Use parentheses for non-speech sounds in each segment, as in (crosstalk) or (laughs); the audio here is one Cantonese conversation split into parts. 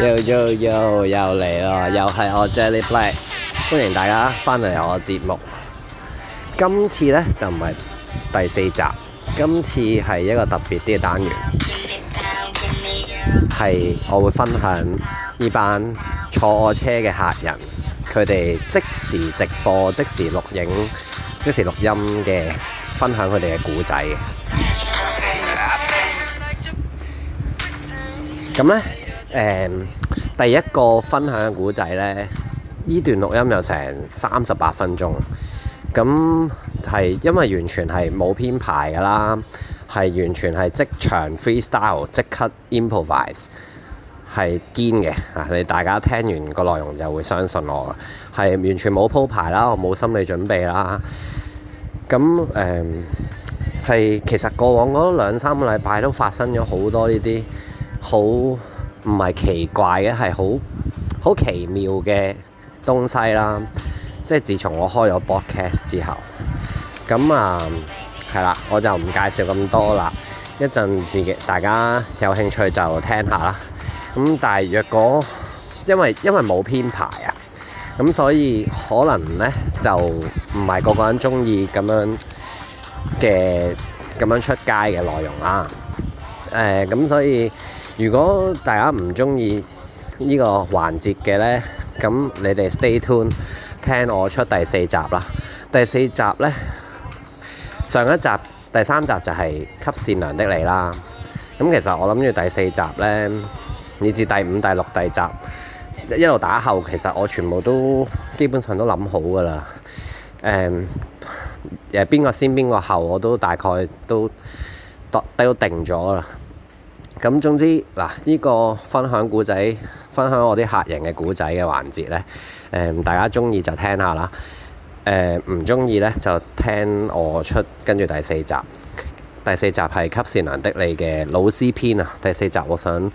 Yo, yo, yo, 又 Yo. 又又又嚟咯！又係我 Jelly Black，歡迎大家翻嚟我嘅節目。今次呢就唔係第四集，今次係一個特別啲嘅單元，係我會分享呢班坐我車嘅客人，佢哋即時直播、即時錄影、即時錄音嘅分享佢哋嘅故仔。咁咧，誒、嗯，第一個分享嘅古仔咧，呢段錄音有成三十八分鐘，咁係因為完全係冇編排㗎啦，係完全係即場 freestyle、即刻 improvise，係堅嘅啊！你大家聽完個內容就會相信我啦，係完全冇鋪排啦，我冇心理準備啦。咁誒，係、嗯、其實過往嗰兩三個禮拜都發生咗好多呢啲。好唔係奇怪嘅，係好好奇妙嘅東西啦。即係自從我開咗 podcast 之後，咁啊，係、嗯、啦，我就唔介紹咁多啦。一陣自己大家有興趣就聽下啦。咁但係若果因為因為冇編排啊，咁所以可能咧就唔係個個人中意咁樣嘅咁樣出街嘅內容啦。誒、呃，咁所以。如果大家唔中意呢個環節嘅呢，咁你哋 stay tuned，聽我出第四集啦。第四集呢，上一集、第三集就係給善良的你啦。咁、嗯、其實我諗住第四集呢，以至第五、第六集、第七一路打後，其實我全部都基本上都諗好㗎啦。誒、嗯，誒邊個先邊個後，我都大概都都都定咗啦。咁總之嗱，呢個分享故仔、分享我啲客人嘅故仔嘅環節呢，誒、呃，大家中意就聽下啦。誒、呃，唔中意呢，就聽我出跟住第四集。第四集係給善良的你嘅老師篇啊！第四集我想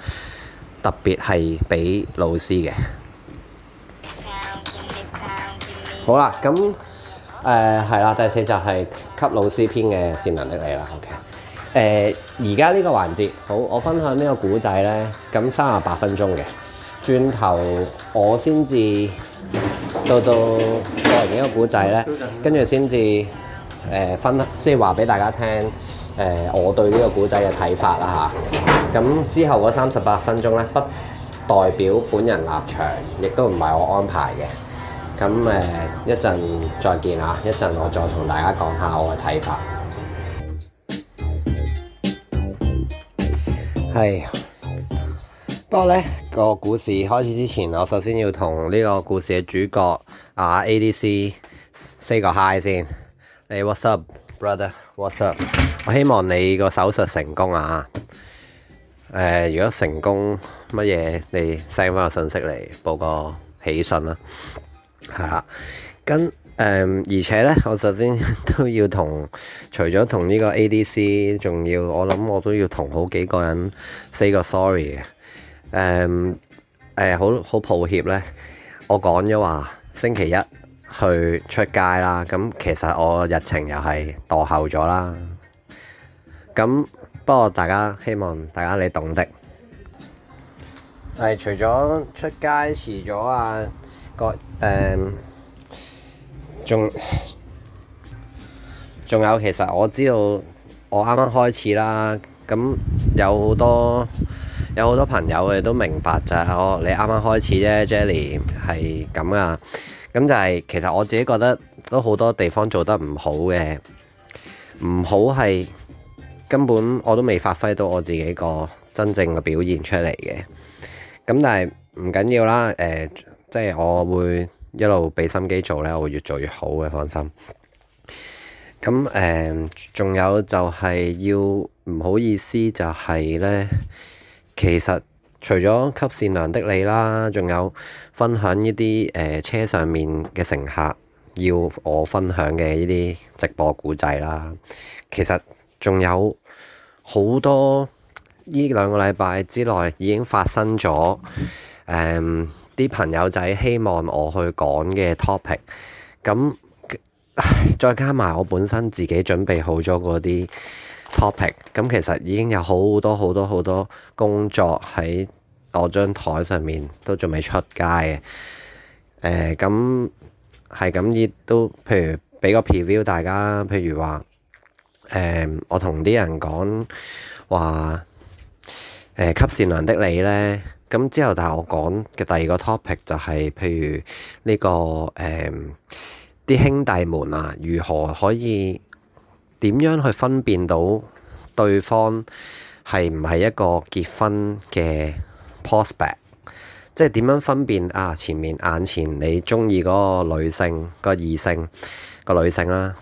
特別係俾老師嘅。 (music) 好啦，咁誒係啦，第四集係給老師篇嘅善良的你啦。OK。誒，而家呢個環節，好，我分享呢個古仔呢，咁三十八分鐘嘅，轉頭我先至到到講完呢個古仔呢，跟住先至誒分，先話俾大家聽，誒、呃，我對呢個古仔嘅睇法啦吓，咁之後嗰三十八分鐘呢，不代表本人立場，亦都唔係我安排嘅。咁誒，一、呃、陣再見啊，一陣我再同大家講下我嘅睇法。係，不過咧，那個故事開始之前，我首先要同呢個故事嘅主角啊 ADC say 個 hi 先。誒、hey，what's up，brother？What's up？我希望你個手術成功啊！誒、呃，如果成功乜嘢，你 send 翻個信息嚟報個喜訊啦。係啦，咁。嗯、而且咧，我首先都要同除咗同呢個 A.D.C.，仲要我諗我都要同好幾個人 say 個 sorry 嘅。誒、嗯，好、嗯、好抱歉咧，我講咗話星期一去出街啦，咁其實我日程又係墮後咗啦。咁不過大家希望大家你懂的係除咗出街遲咗啊，個誒。嗯仲仲有，其實我知道我啱啱開始啦，咁有好多有好多朋友佢哋都明白就係我你啱啱開始啫，Jelly 係咁啊，咁就係其實我自己覺得都好多地方做得唔好嘅，唔好係根本我都未發揮到我自己個真正嘅表現出嚟嘅，咁但係唔緊要啦，誒、呃、即係我會。一路俾心機做咧，我會越做越好嘅，放心。咁誒，仲、嗯、有就係要唔好意思，就係咧，其實除咗給善良的你啦，仲有分享呢啲誒車上面嘅乘客要我分享嘅呢啲直播故仔啦。其實仲有好多呢兩個禮拜之內已經發生咗誒。嗯啲朋友仔希望我去講嘅 topic，咁再加埋我本身自己準備好咗嗰啲 topic，咁其實已經有好多好多好多工作喺我張枱上面都仲未出街嘅。咁係咁亦都，譬如俾個 preview 大家，譬如話誒、呃，我同啲人講話誒，給、呃、善良的你呢？」咁之後，但係我講嘅第二個 topic 就係，譬如呢、呢個誒啲、嗯、兄弟們啊，如何可以點樣去分辨到對方係唔係一個結婚嘅 prospect？即係點樣分辨啊？前面眼前你中意嗰個女性、個異性、個女性啦、啊，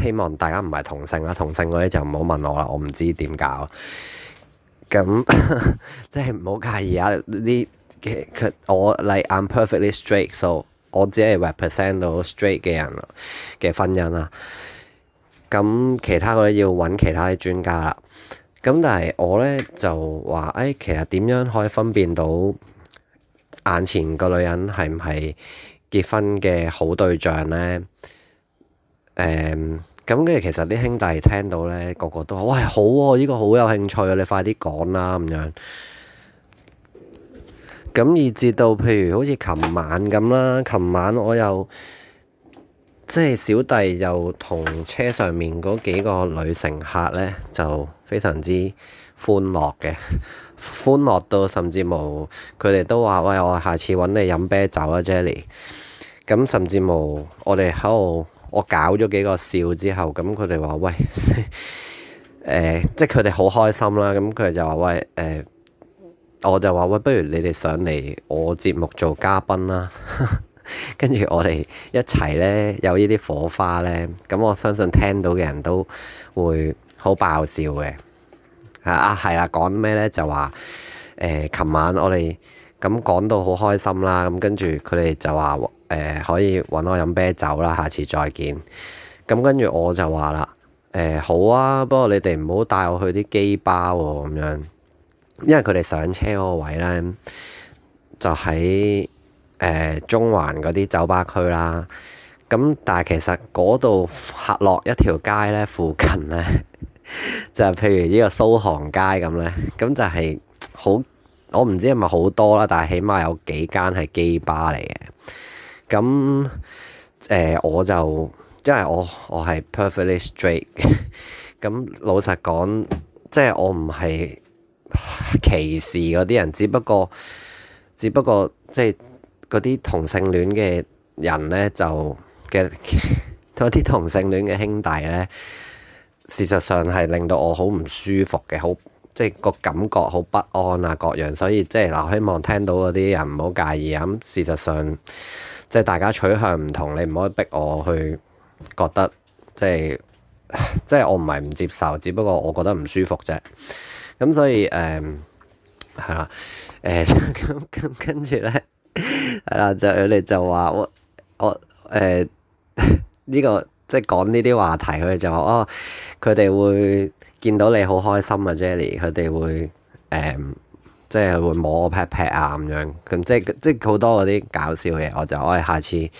希望大家唔係同性啦、啊，同性嗰啲就唔好問我啦，我唔知點搞。咁 (laughs) 即係唔好介意啊！呢嘅佢我 I'm perfectly straight，so 我只係 represent 到 straight 嘅人啦嘅婚姻啦。咁其他嗰啲要揾其他啲專家啦。咁但係我咧就話誒、哎，其實點樣可以分辨到眼前個女人係唔係結婚嘅好對象咧？誒、um。咁跟住，其實啲兄弟聽到咧，個個都話：喂，好喎、啊！呢、這個好有興趣、啊，你快啲講啦咁樣。咁而至到，譬如好似琴晚咁啦，琴晚我又即係、就是、小弟又同車上面嗰幾個女乘客咧，就非常之歡樂嘅，歡樂到甚至乎佢哋都話：喂，我下次搵你飲啤酒啊，Jelly！咁甚至乎我哋喺度。我搞咗幾個笑之後，咁佢哋話：喂，誒、 (laughs) 欸，即係佢哋好開心啦。咁佢哋就話：喂，誒、欸，我就話：喂，不如你哋上嚟我節目做嘉賓啦。跟 (laughs) 住我哋一齊咧，有呢啲火花咧，咁我相信聽到嘅人都會好爆笑嘅。啊，係啊，講咩咧？就話誒，琴晚我哋咁講到好開心啦。咁跟住佢哋就話。誒、呃、可以揾我飲啤酒啦！下次再見。咁跟住我就話啦，誒、呃、好啊，不過你哋唔好帶我去啲基吧喎、哦，咁樣，因為佢哋上車嗰個位呢，就喺誒、呃、中環嗰啲酒吧區啦。咁但係其實嗰度下落一條街呢，附近呢， (laughs) 就係譬如呢個蘇杭街咁呢，咁就係好我唔知係咪好多啦，但係起碼有幾間係基吧嚟嘅。咁誒、呃，我就因為我，我係 perfectly straight。咁 (laughs) 老實講，即係我唔係歧視嗰啲人，只不過只不過即係嗰啲同性戀嘅人咧，就嘅嗰啲同性戀嘅兄弟咧，事實上係令到我好唔舒服嘅，好即係個感覺好不安啊各樣。所以即係嗱，希望聽到嗰啲人唔好介意啊。咁事實上。即係大家取向唔同，你唔可以逼我去覺得，即係即係我唔係唔接受，只不過我覺得唔舒服啫。咁所以誒，係，嗯，啦，誒咁咁跟住咧，係啦，就佢哋就話我我誒呢，嗯，這個即係講呢啲話題，佢哋就話哦，佢哋會見到你好開心啊，Jenny，佢哋會誒。嗯即係會摸我 pat pat 啊，咁樣咁即係即係好多嗰啲搞笑嘅，我就可以下次即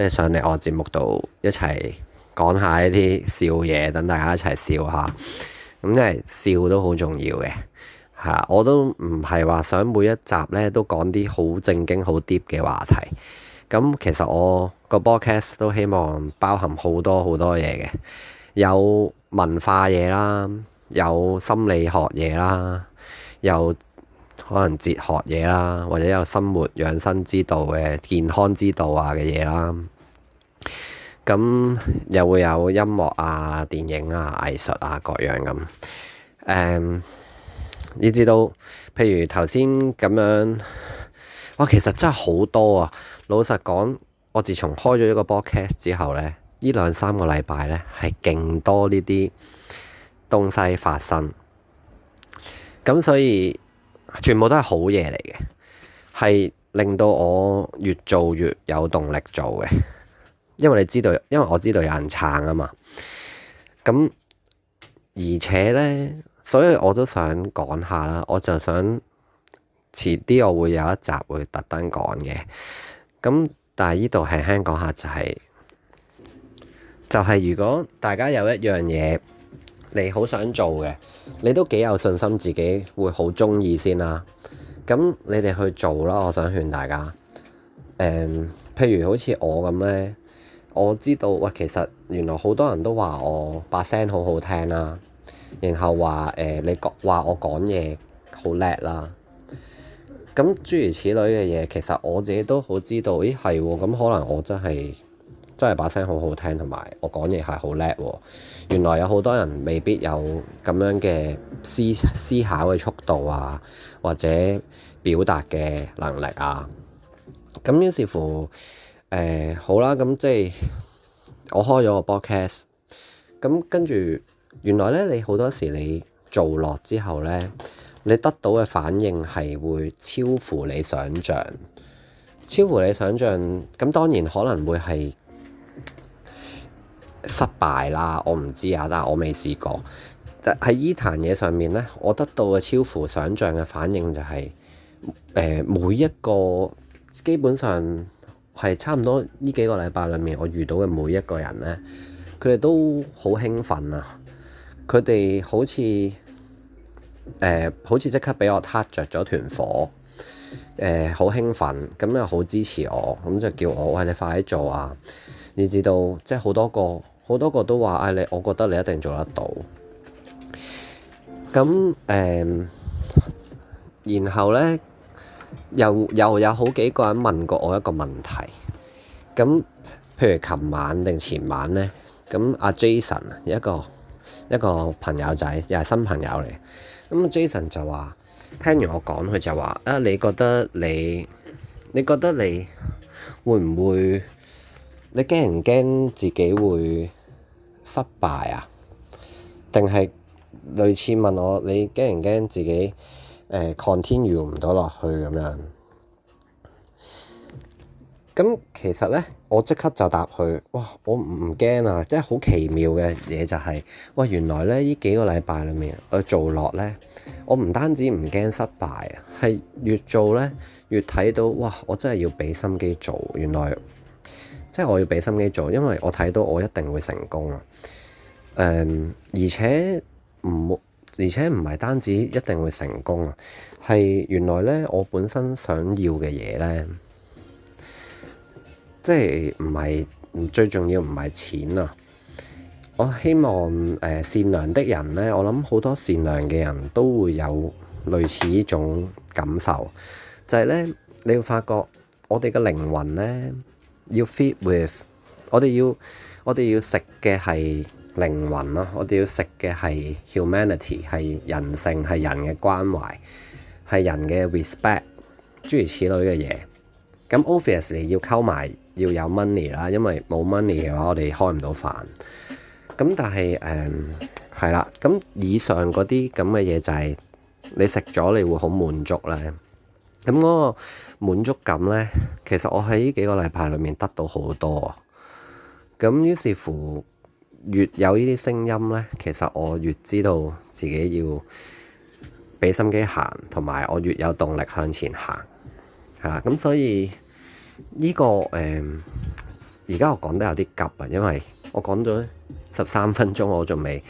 係上嚟我節目度一齊講下一啲笑嘢，等大家一齊笑下。咁即係笑都好重要嘅嚇，我都唔係話想每一集咧都講啲好正經好 deep 嘅話題。咁其實我、個 broadcast 都希望包含好多好多嘢嘅，有文化嘢啦，有心理學嘢啦，有……可能哲學嘢啦，或者有生活養生之道嘅健康之道啊嘅嘢啦，咁又會有音樂啊、電影啊、藝術啊各樣咁，誒、um，你知道，譬如頭先咁樣，哇，其實真係好多啊！老實講，我自從開咗呢個播客之後呢，呢兩三個禮拜呢，係勁多呢啲東西發生，咁所以。全部都係好嘢嚟嘅。係令到我越做越有動力做嘅。因為你知道，因為我知道有人撐啊嘛。咁而且呢，所以我都想講下啦，我就想遲啲我會有一集會特登講嘅。咁但係呢度係輕講下，就是，就係就係如果大家有一樣嘢。你好想做嘅，你都幾有信心自己會好中意先啦、啊。咁你哋去做啦，我想勸大家。誒、嗯，譬如好似我咁呢，我知道，喂、呃，其實原來好多人都話我把聲好好聽啦、啊，然後、呃、說說話誒，你講話我講嘢好叻啦。咁諸如此類嘅嘢，其實我自己都好知道，咦係喎，咁可能我真係真係把聲好好聽，同埋我講嘢係好叻喎。原來有好多人未必有咁樣嘅思思考嘅速度啊，或者表達嘅能力啊。咁於是乎，誒、欸、好啦，咁即係我開咗個 broadcast。咁跟住，原來咧，你好多時你做落之後咧，你得到嘅反應係會超乎你想像，超乎你想像。咁當然可能會係，失敗啦，我唔知啊，但係我未試過。喺呢壇嘢上面呢，我得到嘅超乎想像嘅反應就係、是，誒、呃、每一個基本上係差唔多呢幾個禮拜裡面，我遇到嘅每一個人呢，佢哋都好興奮啊！佢哋好似誒、呃、好似即刻俾我 touch 著咗團火，誒、呃、好興奮，咁又好支持我，咁就叫我喂，你快啲做啊！你知道，即係好多個。好多個都話：唉，你，我覺得你一定做得到。咁誒、嗯，然後咧，又又有，有好幾個人問過我一個問題。咁，譬如琴晚定前晚咧，咁阿、啊、Jason，一個一個朋友仔，又係新朋友嚟。咁 Jason 就話：聽完我講，佢就話：啊，你覺得你，你覺得你會唔會？你驚唔驚自己會失敗啊？定係類似問我，你驚唔驚自己誒 continue 唔到落去咁樣？咁其實咧，我即刻就答佢，哇！我唔驚啊！即係好奇妙嘅嘢就係、是，哇！原來咧呢幾個禮拜裡面，我做落咧，我唔單止唔驚失敗啊，係越做咧越睇到，哇！我真係要畀心機做，原來。即係我要畀心機做，因為我睇到我一定會成功啊，嗯！而且唔而且唔係單止一定會成功啊，係原來咧，我本身想要嘅嘢咧，即係唔係最重要，唔係錢啊！我希望、呃、善良的人咧，我諗好多善良嘅人都會有類似呢種感受，就係、係、咧，你會發覺我哋嘅靈魂咧。要 fit with，我哋要我哋要食嘅係靈魂咯，我哋要食嘅係 humanity，係人性，係人嘅關懷，係人嘅 respect，諸如此類嘅嘢。咁 obviously 要溝埋要有 money 啦，因為冇 money 嘅話，我哋開唔到飯。咁但係誒係啦。咁、uh, 以上嗰啲咁嘅嘢就係你食咗，你，你會好滿足啦。咁嗰個滿足感呢，其實我喺呢幾個禮拜裏面得到好多。咁於是乎，越有呢啲聲音呢，其實我越知道自己要俾心機行，同埋我越有動力向前行，係啦。咁所以呢個誒，而家我講得有啲急啊，因為我講咗十三分鐘，我仲未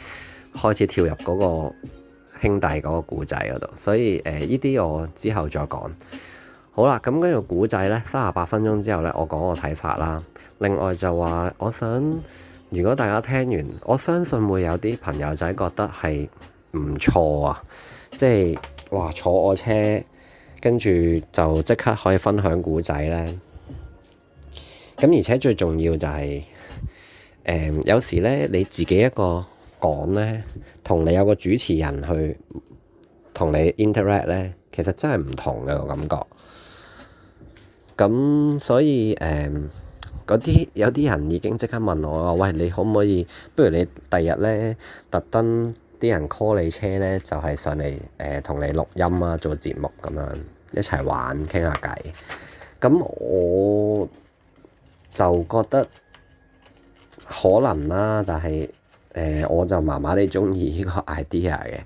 開始跳入嗰個兄弟嗰個故仔嗰度，所以誒呢啲我之後再講。好啦，咁跟住故仔呢，三十八分鐘之後呢，我講我睇法啦。另外就話，我想如果大家聽完，我相信會有啲朋友仔覺得係唔錯啊！即係哇，坐我車，跟住就即刻可以分享故仔呢。咁而且最重要就係誒，有時呢，你自己一個。講呢，同你有個主持人去同你 interact 呢，其實真係唔同嘅我感覺。咁所以誒，嗰、嗯、啲有啲人已經即刻問我喂，你可唔可以？不如你第日呢，特登啲人 call 你車呢，就係、是、上嚟誒，同、呃、你錄音啊，做節目咁樣，一齊玩傾下偈。咁我就覺得可能啦，但係。誒、呃、我就麻麻哋中意呢個 idea 嘅，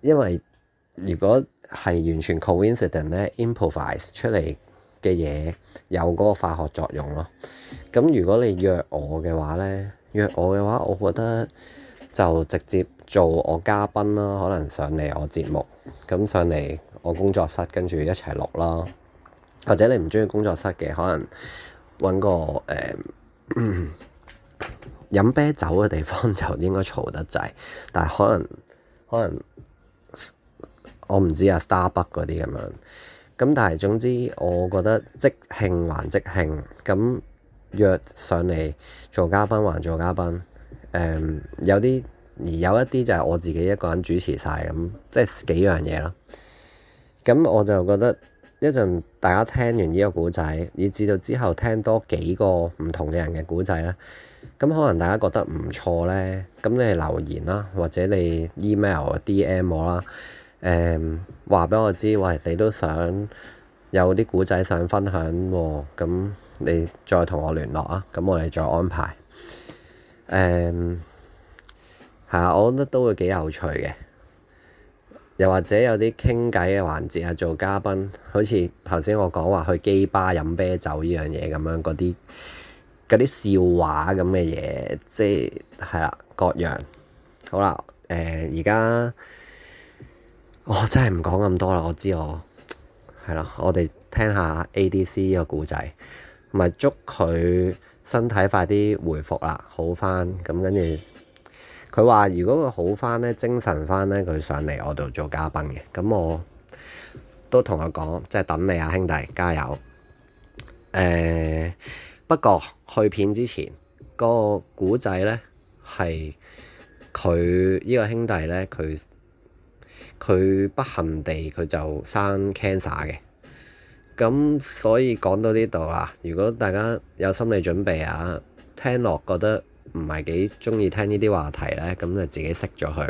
因為如果係完全 coincidence 咧、mm.，improvise 出嚟嘅嘢有嗰個化學作用咯。咁如果你約我嘅話咧，約我嘅話，我覺得就直接做我嘉賓啦，可能上嚟我節目，咁上嚟我工作室跟住一齊錄啦。或者你唔中意工作室嘅，可能揾個誒。呃 (coughs) 飲啤酒嘅地方就應該嘈得滯，但係可能可能我唔知啊。Starbucks 嗰啲咁樣咁，但係總之我覺得即興還即興咁約上嚟做嘉賓還做嘉賓誒、嗯，有啲而有一啲就係我自己一個人主持晒，咁，即係幾樣嘢咯。咁我就覺得一陣大家聽完呢個故仔，以至到之後聽多幾個唔同嘅人嘅故仔咧。咁可能大家覺得唔錯呢，咁你留言啦，或者你 email、D.M 我啦，誒話俾我知，喂，你都想有啲古仔想分享喎，咁、哦、你再同我聯絡啊，咁我哋再安排。誒、嗯，係啊，我覺得都會幾有趣嘅，又或者有啲傾偈嘅環節啊，做嘉賓，好似頭先我講話去基吧飲啤酒呢樣嘢咁樣嗰啲。嗰啲笑話咁嘅嘢，即係係啦，各樣好啦，誒而家我真係唔講咁多啦，我知我係啦，我哋聽下 ADC 個故仔，咪祝佢身體快啲回復啦，好翻咁，跟住佢話：如果佢好翻咧，精神翻咧，佢上嚟我度做嘉賓嘅，咁我都同佢講，即係等你啊，兄弟，加油！誒不過～去片之前，個古仔呢，係佢呢個兄弟呢，佢佢不幸地佢就生 cancer 嘅。咁所以講到呢度啦，如果大家有心理準備啊，聽落覺得唔係幾中意聽呢啲話題呢，咁就自己熄咗佢，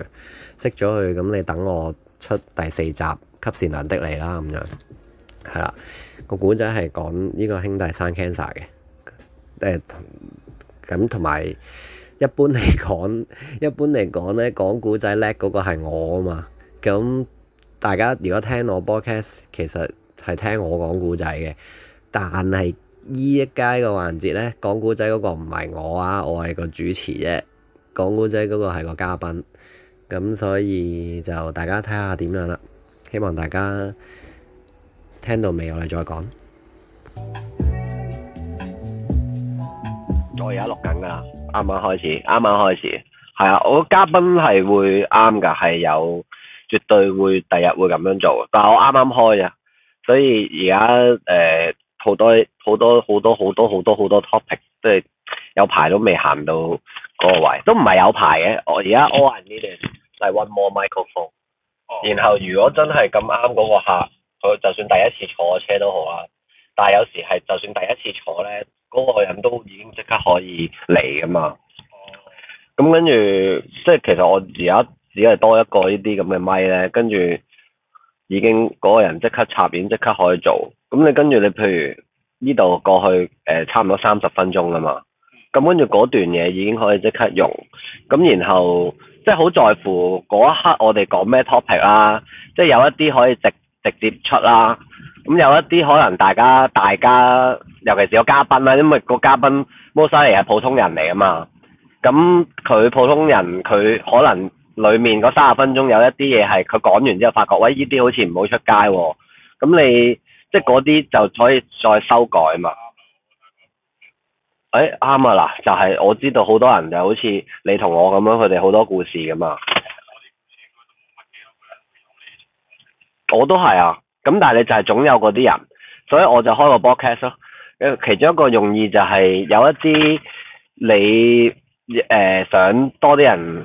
熄咗佢，咁你等我出第四集，吸善良的你啦，咁樣。係啦，個古仔係講呢個兄弟生 cancer 嘅。誒同咁同埋一般嚟講，一般嚟講咧，講古仔叻嗰個係我啊嘛。咁大家如果聽我 podcast，其實係聽我講古仔嘅。但係呢一階嘅環節咧，講古仔嗰個唔係我啊，我係個主持啫。講古仔嗰個係個嘉賓。咁所以就大家睇下點樣啦。希望大家聽到未？我哋再講。我而家錄緊噶啱啱開始，啱啱開始，係啊，我嘉賓係會啱噶係有絕對會第日會咁樣做，但係我啱啱開啊，所以而家誒好多好多好多好多好多好多 topic，即係有排都未行到嗰個位，都唔係有排嘅。我而家 all I needed 係 one more microphone。Oh. 然後如果真係咁啱嗰個客，佢就算第一次坐車都好啊，但係有時係就算第一次坐咧。嗰個人都已經即刻可以嚟㗎嘛，咁跟住即係其實我而家只係多一個這這呢啲咁嘅咪咧，跟住已經嗰、那個人即刻插片，即刻可以做。咁你跟住你譬如呢度過去誒、呃，差唔多三十分鐘喇嘛，咁跟住嗰段嘢已經可以即刻用。咁然後即係好在乎嗰一刻我哋講咩 topic 啦，即係有一啲可以直接直接出啦、啊。咁、嗯、有一啲可能大家大家，尤其是個嘉賓啦，因為個嘉賓摩西嚟係普通人嚟啊嘛，咁佢普通人佢可能裏面嗰三十分鐘有一啲嘢係佢講完之後發覺喂，呢啲好似唔好出街喎、哦，咁你即係嗰啲就可以再修改嘛，誒啱啊啦，就係、是、我知道好多人就好似你同我咁樣，佢哋好多故事噶嘛，我都係啊。咁但係你就係總有嗰啲人，所以我就開個 podcast 咯。誒，其中一個用意就係、是、有一啲你誒、呃、想多啲人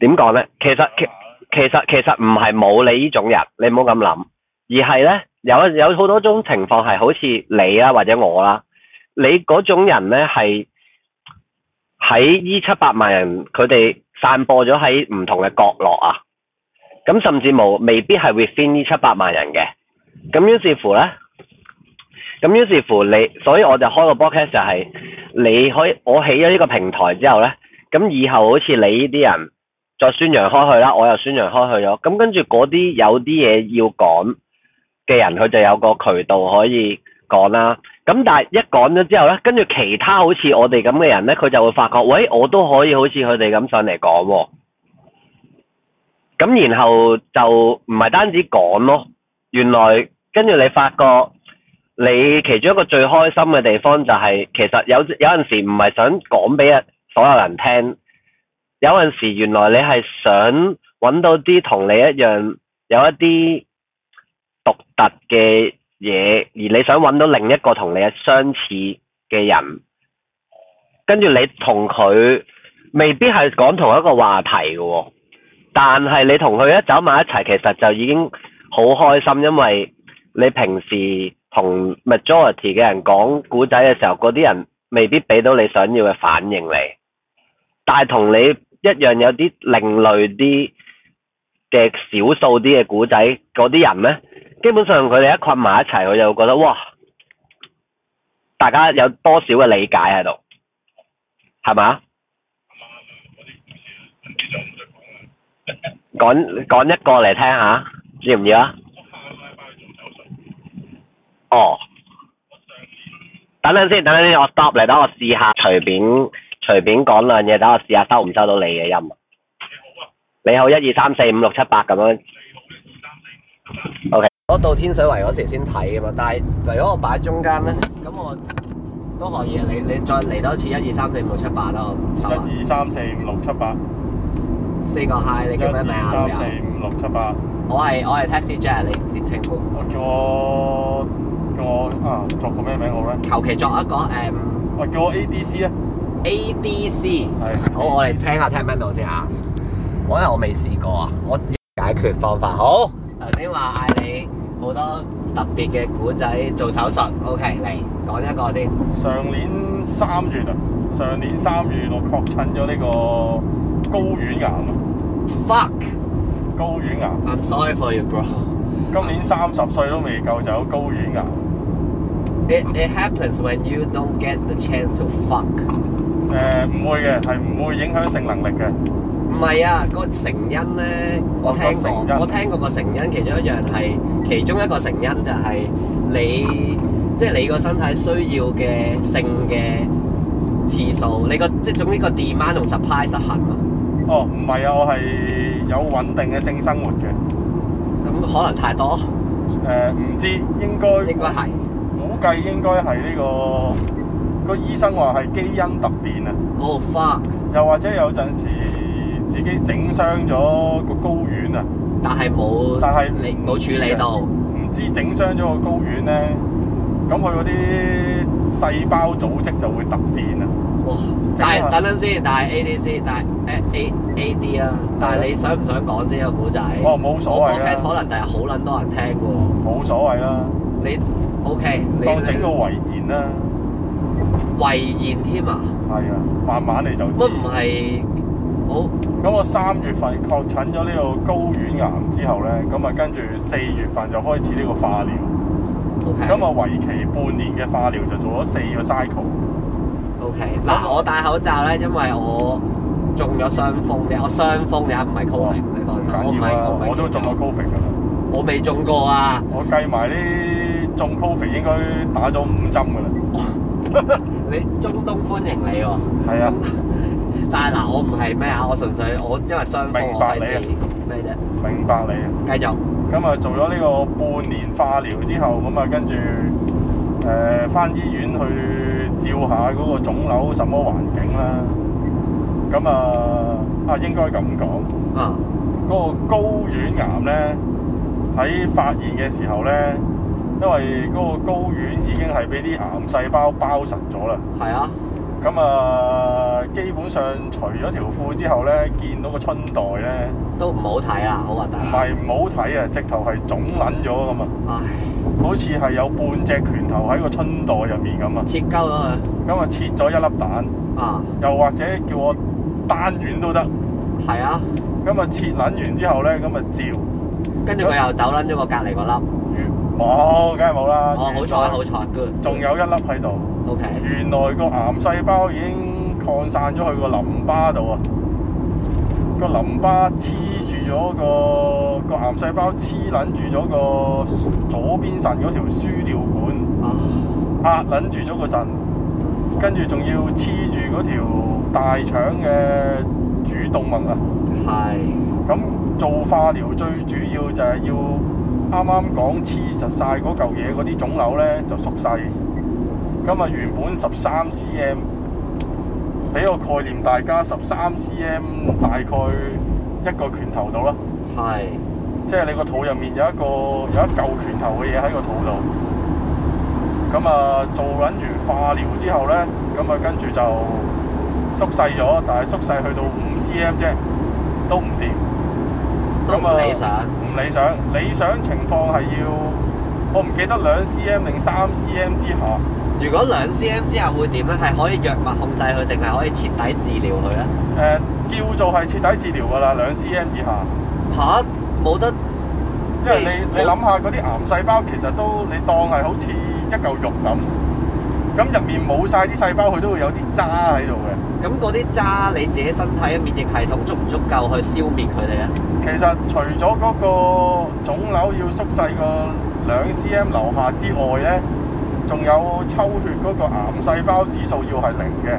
點講咧？其實其其實其實唔係冇，你呢種人，你唔好咁諗，而係咧有有好多種情況係好似你啊或者我啦、啊，你種人咧係。喺依七百萬人佢哋散播咗喺唔同嘅角落啊！咁甚至冇，未必係 within 呢七百萬人嘅。咁於是乎呢，咁於是乎你，所以我就開個 broadcast 就係，你可以我起咗呢個平台之後呢，咁以後好似你呢啲人再宣揚開去啦，我又宣揚開去咗。咁跟住嗰啲有啲嘢要講嘅人，佢就有個渠道可以講啦。咁但係一講咗之後呢，跟住其他好似我哋咁嘅人呢，佢就會發覺，喂，我都可以好似佢哋咁上嚟講喎。咁然後就唔係單止講咯，原來跟住你發覺你其中一個最開心嘅地方就係、是、其實有有陣時唔係想講俾所有人聽，有陣時原來你係想揾到啲同你一樣有一啲獨特嘅嘢，而你想揾到另一個同你相似嘅人，跟住你同佢未必係講同一個話題嘅喎、哦。但係你同佢一走埋一齊，其實就已經好開心，因為你平時同 majority 嘅人講古仔嘅時候，嗰啲人未必俾到你想要嘅反應嚟。但係同你一樣有啲另類啲嘅少數啲嘅古仔，嗰啲人呢，基本上佢哋一困埋一齊，我就會覺得哇，大家有多少嘅理解喺度，係嘛？嗯嗯嗯嗯。講講一個嚟聽下，要唔要啊？哦。我等陣先，等陣先，我 stop 嚟，等我試下，隨便隨便講兩嘢，等我試下收唔收到你嘅音。你好啊。你好，一二三四五六七八咁樣。你好，一二三四五六七八 O K。我到天水圍嗰時先睇啊嘛，但係如果我擺中間咧，咁我都可以。你你再嚟多次 1, 2, 3, 4, 5, 6, 8, 一二三四五六七八喇。一二三四五六七八。四個蟹，你叫咩名啊？三四五六七八。我係我係 Taxi Jack，你點稱呼？我叫我叫我啊，作個咩名好咧？求其作一個誒。喂，叫我 A D C 啊。A D C, C。係是。好， 我哋聽下，聽唔聽到先啊？我咧，我未試過啊。我解決方法好。頭先話嗌你好多特別嘅古仔做手術，OK？嚟講一個先。上年三月啊，上年三月我確診咗呢個。高丸癌，fuck，高丸癌。Fuck. I'm sorry for you, bro。今年三十歲都未夠就有高丸癌。It, it happens when you don't get the chance to fuck、呃。誒，唔會嘅，係唔會影響性能力嘅。唔係啊，那個成因咧，我聽我聽過個成因，成因其中一樣係，其中一個成因就係你，即、就、係、是、你個身體需要嘅性嘅次數，你個即係總之個 demand 同 supply 失衡啊。哦，唔係啊，我係有穩定嘅性生活嘅。咁可能太多，誒唔、呃、知應該應該係，估計應該係呢、這個、那個醫生話係基因突變啊。Oh fuck。又或者有陣時自己整傷咗個睾丸啊，但係冇，但係你冇處理到，唔知整傷咗個睾丸咧。咁佢嗰啲細胞組織就會突變啦。哇！是但係等等先，但係 A D C，但係 A A A D 啦。但係你想唔想講先個古仔？我冇、哦、所謂啦。我可能但係好撚多人聽喎。冇所謂啦。你 O K？你當整個遺言啦。遺言添啊？係啊，慢慢你就。乜唔係好，咁我三月份確診咗呢個睾丸癌之後咧，咁啊跟住四月份就開始呢個化療。Okay. 今日為期半年嘅化療就做咗四個 cycle。OK，嗱我戴口罩咧，因為我中咗傷風。你有傷風 COVID，哦，也唔係 covid，你放心。唔係、啊，我都中咗 covid 㗎喇。我未中過啊。我計埋呢中 covid 應該打咗五針㗎喇。 (laughs) 你中東歡迎你喎。係啊。 (laughs) 啊 (laughs) 但係嗱，我唔係咩啊？我純粹我因為傷風明白你、啊。咩啫？明白你。啊，繼續。咁啊，做咗呢個半年化療之後，咁啊，跟住誒返醫院去照下嗰個腫瘤什麼環境啦。咁啊，啊應該咁講。啊。嗰個睪丸癌咧，喺發現嘅時候咧，因為嗰個睪丸已經係俾啲癌細胞包實咗啦。係啊。咁啊，基本上除咗條褲之後咧，見到個春袋咧，都唔好睇啦，好核突！唔係唔好睇啊，直頭係腫撚咗咁啊！唉，好似係有半隻拳頭喺個春袋入面咁啊！切鳩咗佢，咁啊切咗一粒蛋啊！又或者叫我單丸都得，係啊！咁啊切撚完之後咧，咁啊照，跟住佢又走撚咗個隔籬個粒。冇，梗係冇啦。哦、oh, 好，好彩，好彩。仲有一粒喺度。O K。原來個癌細胞已經擴散咗去個淋巴度啊！個淋巴黐住咗、個、個癌細胞，黐撚住咗個左邊腎嗰條輸尿管，oh. 壓撚住咗個腎，跟住仲要黐住嗰條大腸嘅主動脈啊！係。咁做化療最主要就係要。啱啱講黐實晒嗰嚿嘢，嗰啲腫瘤呢，就縮細，咁啊原本十三 cm，畀個概念大家，十三 cm 大概一個拳頭度啦。係是。即係你個肚入面有一個有一嚿拳頭嘅嘢喺個肚度，咁、嗯、啊做緊完化療之後呢，咁啊跟住就縮細咗，但係縮細去到五 cm 啫，都唔掂。都未理想理想情況係要我唔記得兩 cm 定三 cm 之下。如果兩 cm 之下會點咧？係可以藥物控制佢，定係可以徹底治療佢咧？誒，叫做係徹底治療㗎啦，兩 cm 以下。吓！冇得，因為你你諗下嗰啲癌細胞其實都你當係好似一嚿肉咁，咁入面冇晒啲細胞，佢都會有啲渣喺度嘅。咁嗰啲渣你自己身體嘅免疫系統足唔足夠去消滅佢哋咧？其實除咗嗰個腫瘤要縮細個兩 cm 留下之外咧，仲有抽血嗰個癌細胞指數要係零嘅。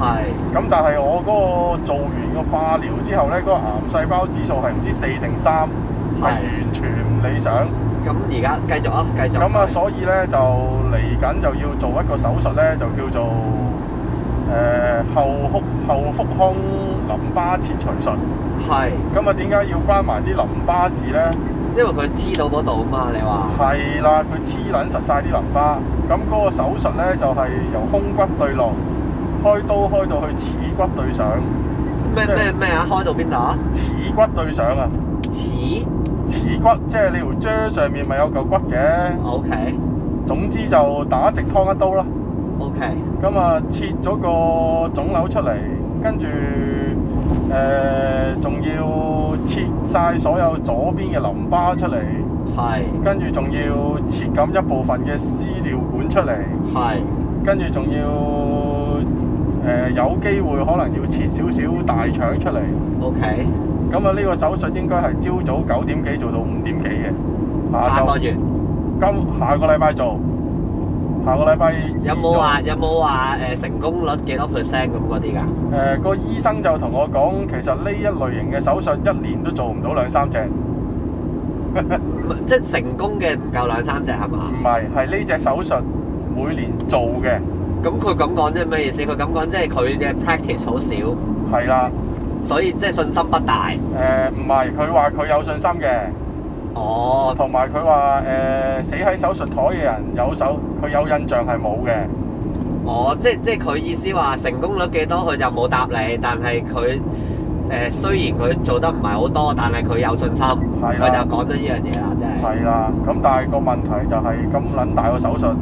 係是。咁但係我嗰個做完個化療之後咧，嗰個癌細胞指數係唔知四定三，係完全唔理想。咁而家繼續啊，繼續。咁啊，所以咧就嚟緊就要做一個手術咧，就叫做。誒，後腹後腹腔淋巴切除術係，咁啊的，點解要關埋啲淋巴事咧？因為佢黐到嗰度啊嘛，你話係啦，佢黐捻實晒啲淋巴，咁嗰個手術咧就係由胸骨對落開刀開到去恥骨對上，咩咩咩啊？開到邊度啊？恥骨對上啊？齒齒？齒骨即係你條脷上面咪有嚿骨嘅？O K。Okay. 總之就打直劏一刀啦。O K，咁啊，Okay. 切咗個腫瘤出嚟，跟住誒，仲、呃、要切晒所有左邊嘅淋巴出嚟，係是，跟住仲要切咁一部分嘅輸尿管出嚟，係是，跟住仲要誒、呃，有機會可能要切少少大腸出嚟，O K，咁啊，呢 Okay. 個手術應該係朝早九點幾做到五點幾嘅，下晝，今下個禮拜做。下個禮拜，有冇話有冇話誒成功率幾多 percent 咁嗰啲噶？誒，個醫生就同我講，其實呢一類型嘅手術一年都做唔到兩三隻，即係成功嘅唔夠兩三隻係嘛？唔係，係呢隻手術每年做嘅。咁佢咁講即係咩意思？佢咁講即係佢嘅 practice 好少。係啦。所以即係信心不大。誒，唔係，佢話佢有信心嘅。哦，同埋佢話誒死喺手術台嘅人有手，佢有印象係冇嘅。哦，即係即係佢意思話成功率幾多，佢就冇答你。但係佢誒雖然佢做得唔係好多，但係佢有信心，佢就講咗呢樣嘢啦，真係。係啊，咁但係個問題就係咁撚大個手術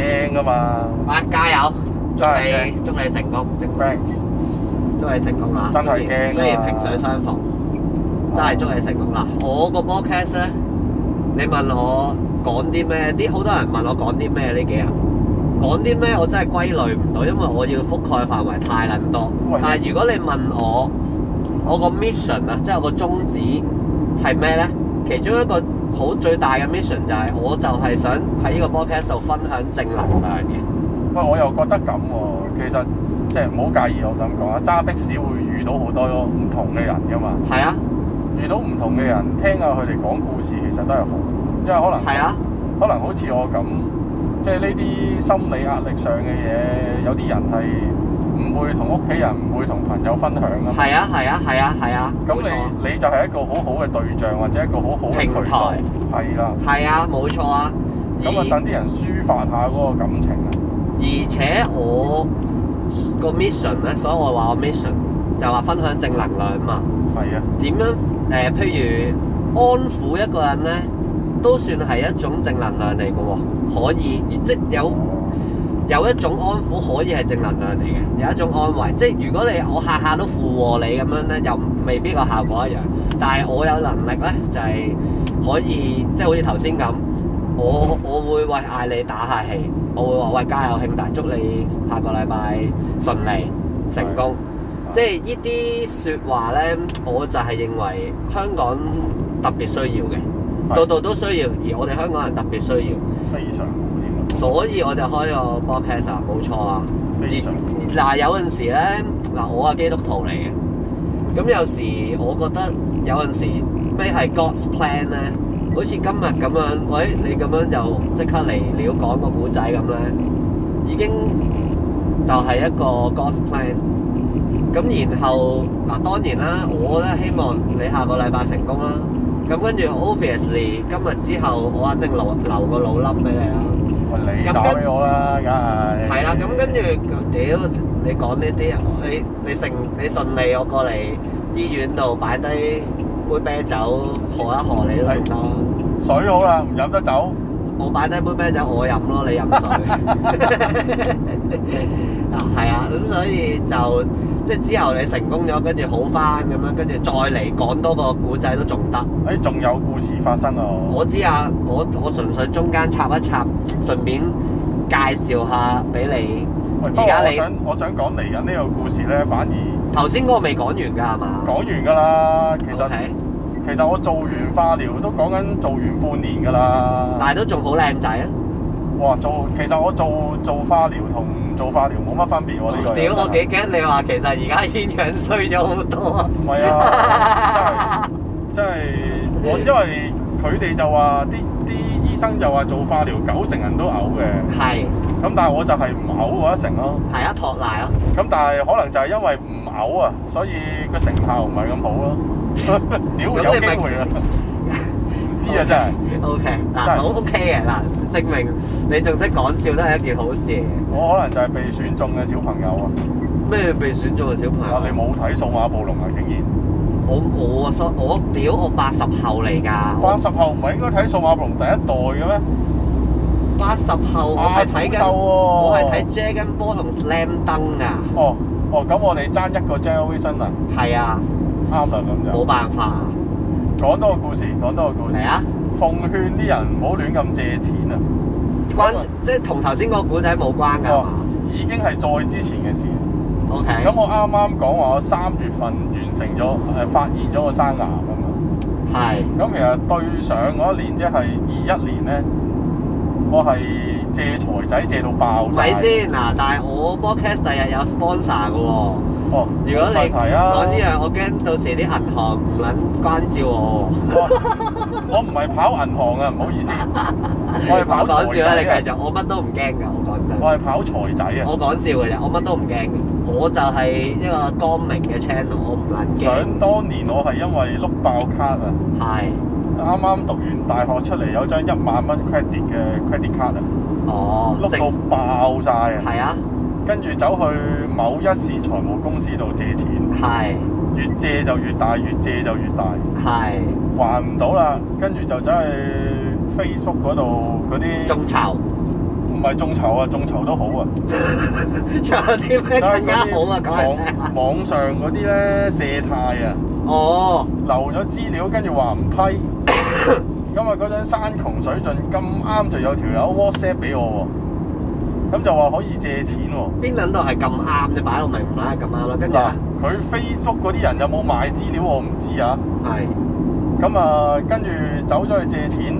驚㗎嘛！喂，加油！真係嘅，祝你成功，Thanks，祝你成功啦。真係驚。雖然萍水相逢，真係祝你成功啦！我個 broadcast 咧。你問我講啲咩？啲好多人問我講啲咩呢幾日？講啲咩？我真係歸類唔到，因為我要覆蓋範圍太撚多。喂但係如果你問我，我個 mission 啊，即係我個宗旨係咩咧？其中一個好最大嘅 mission 就係、是、我就係想喺呢個 podcast 度分享正能量嘅。喂，我又覺得咁喎、啊，其實即係唔好介意我，我咁講啊？揸的士會遇到好多唔同嘅人噶嘛。係啊。遇到唔同嘅人，聽下佢哋講故事，其實都係好，因為可能係啊，可能好似我咁，即係呢啲心理壓力上嘅嘢，有啲人係唔會同屋企人、唔會同朋友分享咯。係啊，係啊，係啊，係啊，冇錯。咁你你就係一個好好嘅對象，或者一個好好嘅平台，係啦。係啊，冇錯啊。咁啊，等啲人抒發下嗰個感情啊。而且我個 mission 咧，所以我話我 mission。就話分享正能量啊嘛，係啊，點樣誒？譬如安撫一個人咧，都算係一種正能量嚟嘅喎。可以，而即有有一種安撫可以係正能量嚟嘅，有一種安慰。即如果你我下下都附和你咁樣咧，又未必個效果一樣。但係我有能力咧，就係可以即係好似頭先咁，我我會為嗌你打下氣，我會話喂，加油，兄弟，祝你下個禮拜順利成功。即係呢啲説話咧，我就係認為香港特別需要嘅，度度對都需要，而我哋香港人特別需要。所以我就開個 podcast 啊，冇錯啊。嗱有陣時咧，嗱我係基督徒嚟嘅，咁有時我覺得有陣時咩係 God's plan 咧？好似今日咁樣，喂、哎、你咁樣就即刻嚟了講個古仔咁咧，已經就係一個 God's plan。咁然後嗱，當然啦，我咧希望你下個禮拜成功啦。咁跟住，obviously 今日之後，我肯定留留個老冧俾你啊。咪你打俾我啦，梗係。係啦，咁跟住，屌你講呢啲啊！你你成你順利，我過嚟醫院度擺低杯啤酒，賀一賀你都仲得。水好啦，唔飲得酒。我擺低杯啤酒我飲咯，你飲水。 (laughs) (laughs) 啊，係啊，咁所以就即係之後你成功咗，跟住好翻咁樣，跟住再嚟講多個故仔都仲得。誒，仲有故事發生啊。我知啊，我我純粹中間插一插，順便介紹下俾你。而家你想我想講嚟緊呢個故事咧，反而頭先嗰個未講完㗎係嘛？講完㗎啦，其實 Okay. 其實我做完化療都講緊做完半年㗎啦。但係都仲好靚仔啊！哇，做其實我做做化療同～做化療冇乜分別喎，呢個、啊。屌！我幾驚你話其實而家醫養衰咗好多。唔係啊，真係真係我因為佢哋就話啲啲醫生就話做化療九成人都嘔嘅。係是。咁但係我就係唔嘔嗰一成咯。係啊，托賴咯。咁但係可能就係因為唔嘔啊，所以個成效唔係咁好咯、啊。屌， (laughs) (laughs) 有機會啊。 (laughs) 呢個 Okay ,、okay, 真係 OK 嗱，好 OK 嘅嗱，證明你仲識講笑都係一件好事。我可能就係被選中嘅小朋友啊！咩被選中嘅小朋友？啊、你冇睇數碼暴龍啊？竟然我冇啊，我屌我八十後嚟㗎！八十後唔係應該睇數碼暴龍第一代嘅咩？八十後我係睇緊，我係睇 Jagun 波同 Slam 登啊！哦哦，咁、哦、我哋爭一個 generation 啊！係啊，啱啊，咁就冇辦法。講多個故事，講多個故事。係啊，奉勸啲人唔好亂咁借錢啊！關即係同頭先個古仔冇關㗎，已經係再之前嘅事。OK。咁我啱啱講話我三月份完成咗，誒、呃、發現咗個生癌啊嘛。係、嗯。咁其實對上嗰一年，即係二一年咧。我係借財仔借到爆曬。使先嗱，但係我 broadcast 第日有 sponsor 嘅喎。哦。如果你講呢看樣，我驚到時啲銀行唔撚關照我。哦、我唔係跑銀行啊，唔好意思。 (laughs) 我係跑講笑啦，你繼續。我乜都唔驚㗎，我講真。我係跑財仔啊。我講笑嘅啫，我乜都唔驚。我就係一個光明嘅 channel，我唔撚驚。想當年我係因為碌爆卡啊。係。啱啱讀完大學出嚟，有張一萬蚊 credit 嘅 credit card 啊！哦，碌到爆晒啊！係啊！跟住走去某一線財務公司度借錢，係越借就越大，越借就越大，係還唔到啦！跟住就走去 Facebook 嗰度嗰啲，眾籌唔係眾籌啊，眾籌都好啊，仲有啲咩更加好啊？網上嗰啲咧借貸啊，哦，留咗資料跟住話唔批。今日嗰陣山窮水盡，咁啱就有條友 WhatsApp 俾我喎，咁就話可以借錢喎。邊諗到係咁啱？你擺落嚟，唔係咁啱咯。跟住佢 Facebook 嗰啲人有冇賣資料？我唔知啊。係。咁啊，跟住走咗去借錢，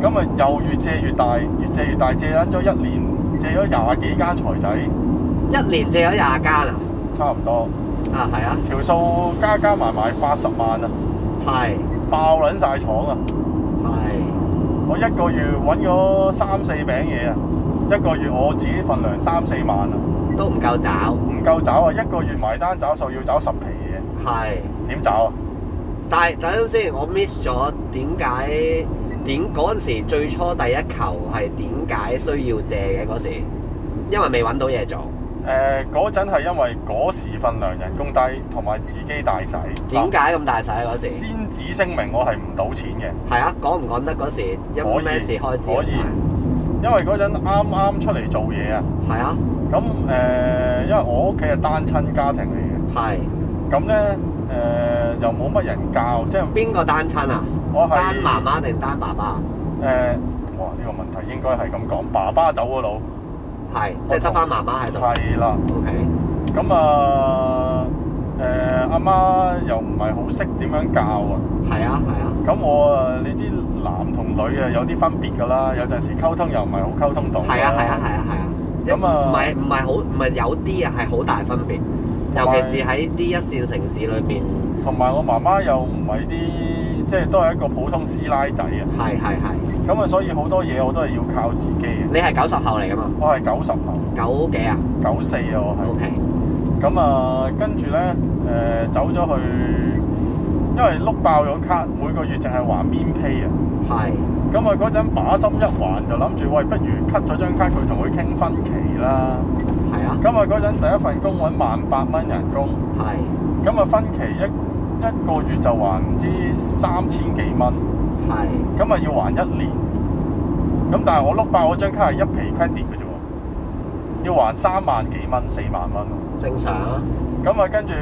咁啊又越借越大，越借越大，借撚咗一年，借咗廿幾間財仔。一年借咗廿間啊？差唔多。啊，係啊。條數加加埋埋八十萬啊。係。爆撚晒廠啊！是我一個月揾咗三四餅嘢啊！一個月我自己份糧三四萬啊，都唔夠找。唔夠找啊！一個月埋單找數要找十皮嘢。係點找啊？但係等陣先，我 miss 咗點解點嗰陣時最初第一球係點解需要借嘅嗰時？因為未揾到嘢做。誒，嗰陣係因為嗰時份糧、人工低，同埋自己大使。點解咁大使？嗰、啊、時？先旨聲明，我係唔賭錢嘅。係啊，講唔講得嗰時？因為咩事開支？因為嗰陣啱啱出嚟做嘢啊。係啊。咁誒，因為我屋企係單親家庭嚟嘅。係、啊。咁咧誒，又冇乜人教，即係。邊個單親啊？我係是單媽媽定單爸爸啊？誒、呃，哇！呢、這個問題應該係咁講，爸爸走嗰路。係，即係得翻媽媽喺度。係啦。OK。咁、呃、啊，誒阿媽又唔係好識點樣教啊。係啊，係啊。咁我啊，你知男同女啊有啲分別㗎啦，有陣時溝通又唔係好溝通到。係啊，係啊，係啊，係啊。咁啊，唔係唔係好，唔係有啲啊係好大分別，媽媽尤其是喺啲一線城市裏邊。同埋我媽媽又唔係啲，即係都係一個普通師奶仔啊。係係係。咁啊，所以好多嘢我都係要靠自己嘅。你係九十後嚟噶嘛？我係九十後，九幾啊？九四啊，我係 OK。咁啊，跟住咧，誒、呃，走咗去，因為碌爆咗卡，每個月淨係還免 pay 啊的。係。咁啊，嗰陣把心一橫，就諗住，喂，不如 cut 咗張卡，佢同佢傾分期啦。係啊的。咁啊，嗰陣第一份工搵萬八蚊人工。係的。咁啊，分期一一個月就還唔知三千幾蚊。係，咁啊要還一年，咁但係我碌爆我張卡係一皮一跌嘅啫喎，要還三萬幾蚊，四萬蚊，正常啊。咁啊跟住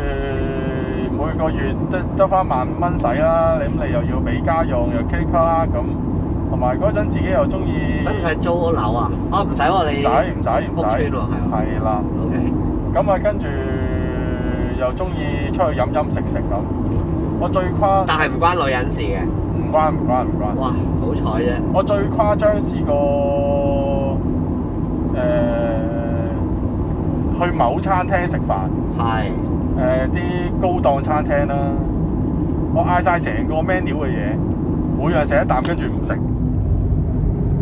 每個月得得翻萬五蚊使啦，你咁你又要俾家用，又 keep 卡啦，咁同埋嗰陣自己又中意，使唔使租屋樓啊？啊唔使喎，你使唔使唔使？係啦，咁啊跟住又中意出去飲飲食食咁。我最誇，但係唔關女人事嘅，唔關唔關唔關。哇，好彩啫！我最誇張試過誒、呃、去某餐廳食飯，係誒啲高檔餐廳啦，我嗌晒成個 menu 嘅嘢，每樣食一啖跟住唔食，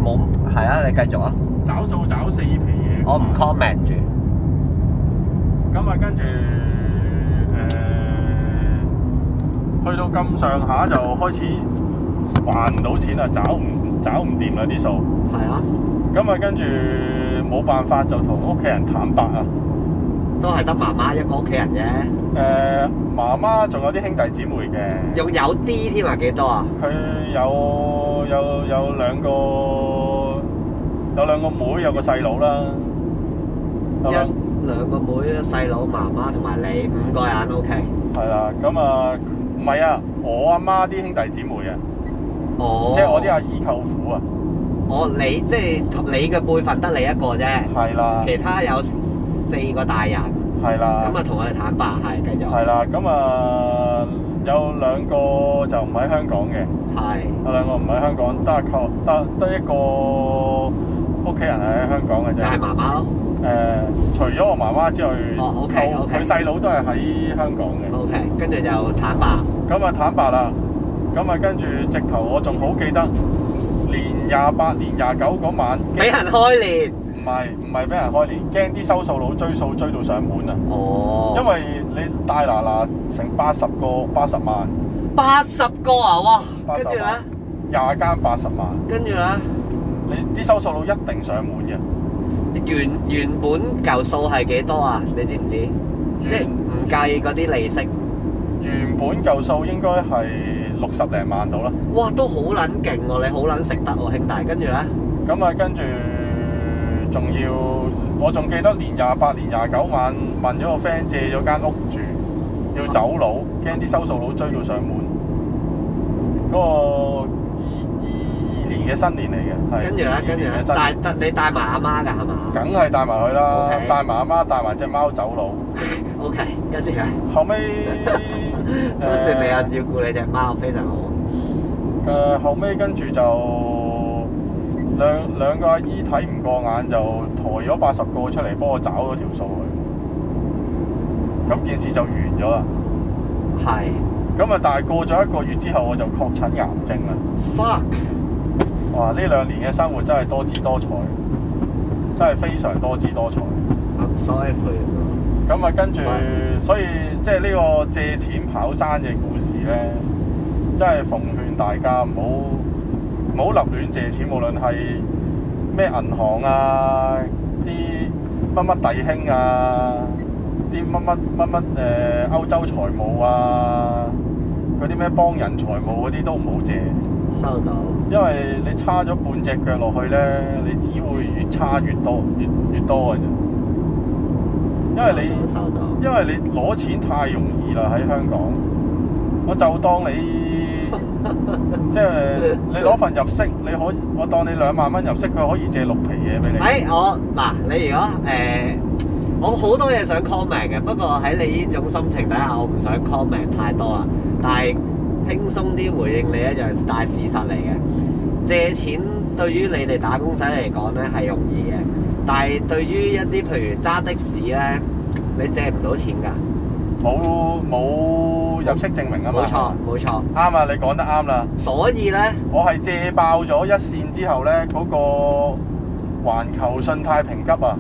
冇係啊！你繼續啊！找數找四皮嘢，我唔 comment 住。咁啊，跟住誒。呃去到咁上下就開始還唔到錢啦，找唔找唔掂啦啲數。係啊。咁啊，跟住冇辦法就同屋企人坦白啊。都係得媽媽一個屋企人嘅。誒，媽媽仲有啲兄弟姊妹嘅。又有啲添啊？幾多啊？佢有有有兩個有兩個妹，有個細佬啦。一兩個妹、細佬、媽媽同埋你五個人，O K。係啦，咁啊。係啊，我阿媽啲兄弟姊妹啊，即係、oh. 我啲阿姨舅父啊。我你即係、就是、你嘅輩份得你一個啫，係啦的。其他有四個大人，係啦的。咁啊，同我哋坦白，係繼續。係啦，咁啊，有兩個就唔喺香港嘅，係的。有兩個唔喺香港，得阿舅，得得一個。屋企人喺香港嘅，就係媽媽咯。誒，除咗我媽媽之外，哦，OK，OK，佢細佬都係喺香港嘅。OK，跟住就坦白。咁啊，坦白啦。咁啊，跟住直頭，我仲好記得年廿八、年廿九嗰晚。俾人開年？唔係，唔係俾人開年，驚啲收數佬追數追到上門啊！哦，因為你大嗱嗱成八十個八十萬。八十個啊！哇，跟住咧。廿間八十萬。跟住咧。你啲收數佬一定上門嘅。原原本嚿數係幾多啊？你知唔知？原即係唔計嗰啲利息。原本嚿數應該係六十零萬到啦。哇！都好撚勁喎，你好撚識得喎，兄弟。跟住咧？咁啊，跟住仲要，我仲記得年廿八、年廿九晚問咗個 friend 借咗間屋住，要走佬，驚啲、啊、收數佬追到上門。嗰、啊嗰個。嘅新年嚟嘅，係。跟住咧，跟住咧，帶帶你帶埋阿媽㗎，係嘛？梗係帶埋佢啦，帶埋阿媽，帶埋隻貓走佬。O K，跟住咧。後尾，多謝你啊！照顧你隻貓非常好。誒，後尾跟住就兩兩個阿姨睇唔過眼，就抬咗八十個出嚟幫我找咗條數佢。咁件事就完咗啦。係。咁啊！但係過咗一個月之後，我就確診癌症啦。哇！呢兩年嘅生活真係多姿多彩，真係非常多姿多彩。咁啊， (noise) 跟住， (noise) 所以即係呢個借錢跑山嘅故事呢，真係奉勸大家唔好唔好立亂借錢，無論係咩銀行啊，啲乜乜弟兄啊，啲乜乜乜乜誒歐洲財務啊，嗰啲咩幫人財務嗰啲都唔好借。收到，因為你差咗半隻腳落去咧，你只會越差越多，越越多嘅啫。因為你收到，因為你攞錢太容易啦喺香港，我就當你 (laughs) 即係你攞份入息，你可以，我當你兩萬蚊入息，佢可以借六皮嘢俾你。哎，我嗱，你如果誒、呃，我好多嘢想 comment 嘅，不過喺你呢種心情底下，我唔想 comment 太多啦，但係。輕鬆啲回應你一樣，大事實嚟嘅。借錢對於你哋打工仔嚟講咧，係容易嘅，但係對於一啲譬如揸的士咧，你借唔到錢㗎，冇，冇入息證明啊嘛。冇錯冇錯。啱啊！你講得啱啦。所以咧，我係借爆咗一線之後咧，嗰、那個環球信貸評級啊。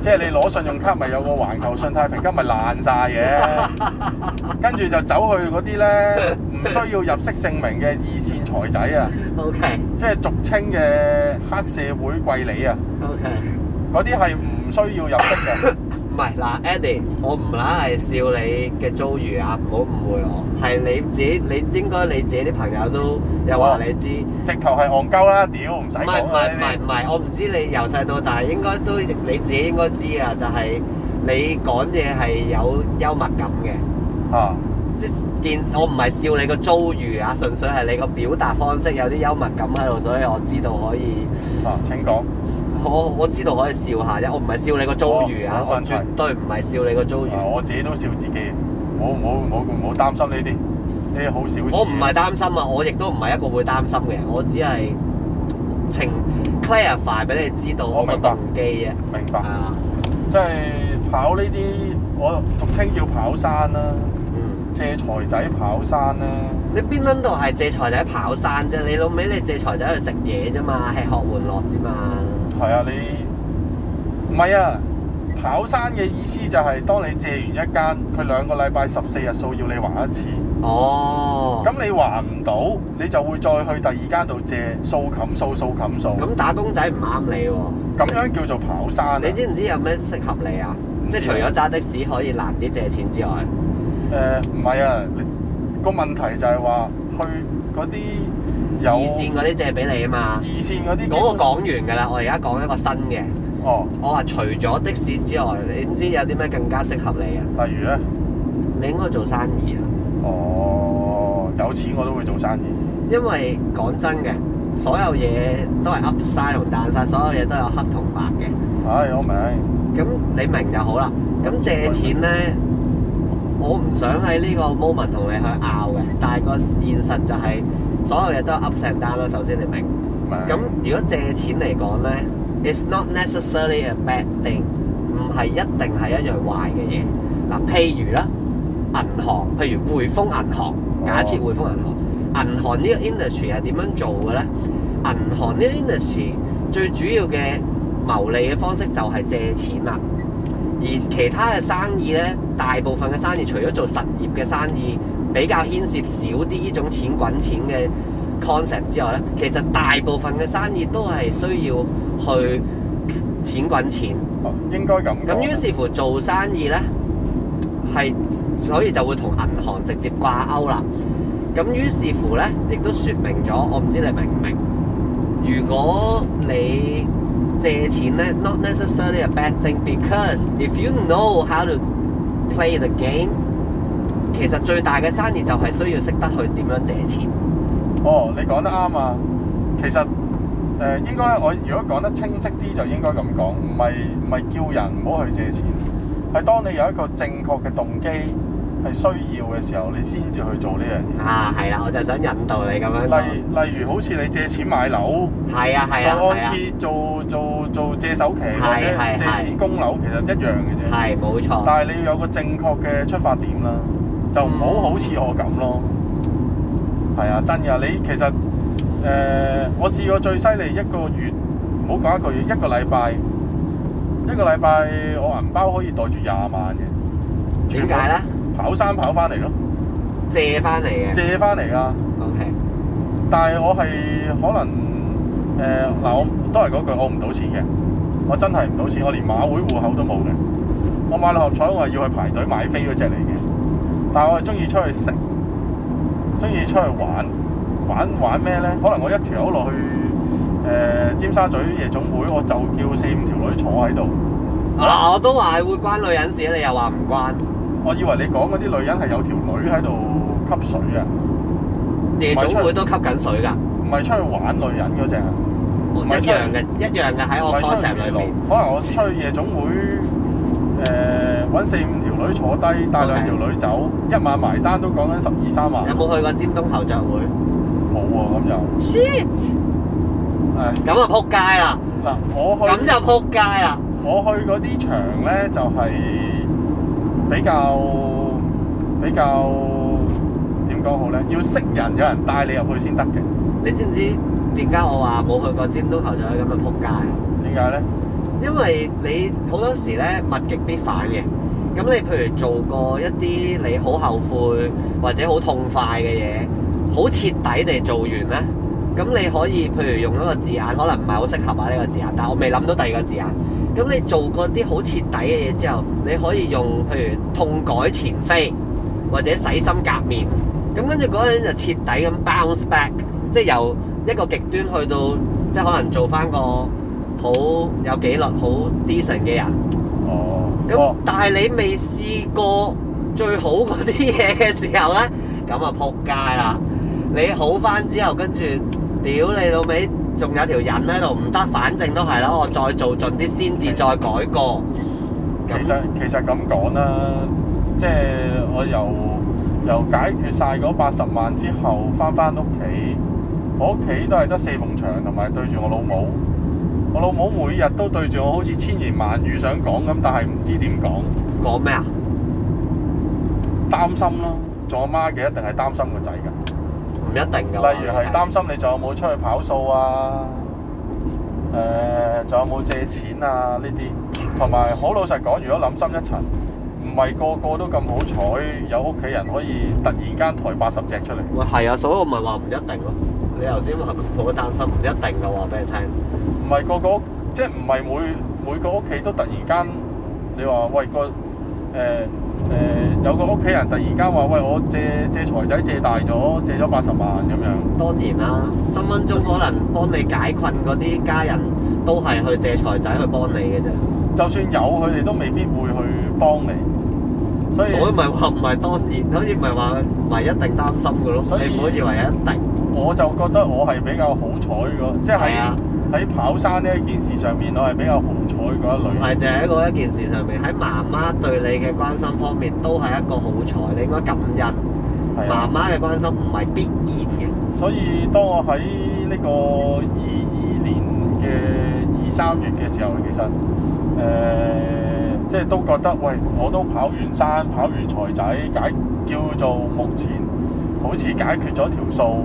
即係你攞信用卡咪 (laughs) 有個環球信貸平金，咪爛晒嘅， (laughs) 跟住就走去嗰啲呢，唔需要入息證明嘅二線財仔啊，O K，即係俗稱嘅黑社會貴理啊，O K，嗰啲係唔需要入息嘅。 (laughs) 唔係嗱，Eddie，我唔單係笑你嘅遭遇啊，唔好誤會我。係你自己，你應該你自己啲朋友都又話你知，直頭係戇鳩啦，屌、嗯，唔使講咩唔係，唔係，唔係，我唔知你由細到大應該都你自己應該知啊，就係、是、你講嘢係有幽默感嘅。哦、啊。即係，我唔係笑你個遭遇啊，純粹係你個表達方式有啲幽默感喺度，所以我知道可以。哦、啊，請講。我我知道可以笑下啫，我唔係笑你個遭遇啊！哦、我絕對唔係笑你個遭遇、嗯。我自己都笑自己，我我我唔好擔心呢啲，呢好少。我唔係擔心啊！我亦都唔係一個會擔心嘅人，我只係澄清 clarify 俾你知道我個動機啊。明白，啊、即係跑呢啲，我俗稱叫跑山啦、啊，嗯、借財仔跑山啦、啊。你邊撚度係借財仔跑山啫、啊？你老味，你借財仔去食嘢啫嘛，係學玩樂啫嘛。係啊，你唔係啊，跑山嘅意思就係、是、當你借完一間，佢兩個禮拜十四日數要你還一次。哦，咁你還唔到，你就會再去第二間度借，數冚數數冚數。咁打工仔唔呃你喎、啊。咁樣叫做跑山、啊、你知唔知有咩適合你啊？即係除咗揸的士可以難啲借錢之外，誒、呃，唔係啊，個問題就係話去嗰啲。二線嗰啲借俾你啊嘛，二線嗰啲，嗰個講完噶啦，我而家講一個新嘅。哦。我話除咗的士之外，你唔知有啲咩更加適合你啊？例如咧？你應該做生意啊。哦，有錢我都會做生意。因為講真嘅，所有嘢都係 Upside 同 Downside，所有嘢都有黑同白嘅。係、哎，我明。咁你明就好啦。咁借錢咧，我唔想喺呢個 moment 同你去拗嘅，但係個現實就係、是。所有嘢都係 Upside Down 啦，首先你明？咁、嗯、如果借錢嚟講呢，It's not necessarily a bad thing，唔係一定係一樣壞嘅嘢。嗱，譬如啦，銀行，譬如匯豐銀行，假設匯豐銀行，哦、銀行呢個 industry 係點樣做嘅呢？銀行呢個 industry 最主要嘅牟利嘅方式就係借錢啦。而其他嘅生意呢，大部分嘅生意，除咗做實業嘅生意。比較牽涉少啲呢種錢滾錢嘅 concept 之外呢，其實大部分嘅生意都係需要去錢滾錢。哦，應該咁。咁於是乎做生意呢，係所以就會同銀行直接掛鈎啦。咁於是乎呢，亦都説明咗，我唔知你明唔明？如果你借錢呢，not necessarily a bad thing because if you know how to play the game。其實最大嘅生意就係需要識得去點樣借錢。哦，你講得啱啊！其實誒，應該我如果講得清晰啲，就應該咁講，唔係唔係叫人唔好去借錢，係當你有一個正確嘅動機係需要嘅時候，你先至去做呢樣嘢。啊，係啦，我就想引導你咁樣。例例如好似你借錢買樓，係啊係啊做按揭、做做做借首期或者借錢供樓，其實一樣嘅啫。係冇錯。但係你要有個正確嘅出發點啦。就唔好好似我咁咯，係啊，真㗎！你其實誒、呃，我試過最犀利一個月，唔好講一個月，一個禮拜，一個禮拜我銀包可以袋住廿萬嘅。點解咧？跑山跑翻嚟咯。借翻嚟嘅。借翻嚟㗎。O K。但係我係可能誒嗱、呃，我都係嗰句，我唔賭錢嘅，我真係唔賭錢，我連馬會戶口都冇嘅，我買六合彩我係要去排隊買飛嗰隻嚟嘅。但係我係中意出去食，中意出去玩，玩玩咩咧？可能我一條友落去誒、呃、尖沙咀夜總會，我就叫四五條女坐喺度。嗱、啊，我都話係會關女人事，你又話唔關。我以為你講嗰啲女人係有條女喺度吸水嘅，夜總會都吸緊水㗎。唔係出，出去玩女人嗰隻，唔一樣嘅，一樣嘅喺我 project 裏面。可能我出去夜總會誒。呃揾四五條女坐低，帶兩條女走，Okay. 一晚埋單都講緊十二三萬。你有冇去過尖東頭像會？冇喎、啊，咁又 shit 唉。咁就撲街啦！嗱、啊，我去咁就撲街啦。我去嗰啲場咧，就係比較比較點講好咧？要識人，有人帶你入去先得嘅。你知唔知點解我話冇去過尖東頭像會咁就撲街？點解咧？因為你好多時咧物極必反嘅。咁你譬如做過一啲你好後悔或者好痛快嘅嘢，好徹底地做完咧？咁你可以譬如用一個字眼，可能唔係好適合啊呢個字眼，但我未諗到第二個字眼。咁你做過啲好徹底嘅嘢之後，你可以用譬如痛改前非或者洗心革面，咁跟住嗰陣就徹底咁 bounce back，即係由一個極端去到即係可能做翻個好有紀律、好 decent 嘅人。咁，哦、但係你未試過最好嗰啲嘢嘅時候呢，咁啊撲街啦！你好翻之後，跟住屌你老尾，仲有條癮喺度，唔得，反正都係啦，我再做盡啲先至再改過。的其實其實咁講啦，即、就、係、是、我由由解決晒嗰八十萬之後，翻翻屋企，我屋企都係得四埲牆，同埋對住我老母。我老母每日都對住我好似千言萬語想講咁，但係唔知點講。講咩啊？擔心咯，做阿媽嘅一定係擔心個仔噶唔一定噶例如係擔心你仲有冇出去跑數啊？誒、呃，仲有冇借錢啊？呢啲，同埋好老實講，如果諗深一層，唔係個個都咁好彩，有屋企人可以突然間抬八十隻出嚟。喂，係啊，所以我咪話唔一定咯。你頭先話我擔心唔一定嘅話俾你聽，唔係個個即係唔係每每個屋企都突然間你話喂，個誒誒、呃呃、有個屋企人突然間話喂，我借借財仔借大咗借咗八十萬咁樣，當然啦、啊，分分鐘可能幫你解困嗰啲家人都係去借財仔去幫你嘅啫。就算有佢哋都未必會去幫你，所以咪話唔係當然，所以咪話唔係一定擔心嘅咯。所以你唔好以為一定。我就覺得我係比較好彩㗎，即係喺跑山呢一件事上面，我係比較好彩嗰一類。唔係，淨係喺嗰一件事上面，喺媽媽對你嘅關心方面都係一個好彩，你應該感恩的媽媽嘅關心，唔係必然嘅。所以當我喺呢個二二年嘅二三月嘅時候，其實誒即係都覺得，喂，我都跑完山，跑完財仔，解叫做目前好似解決咗條數。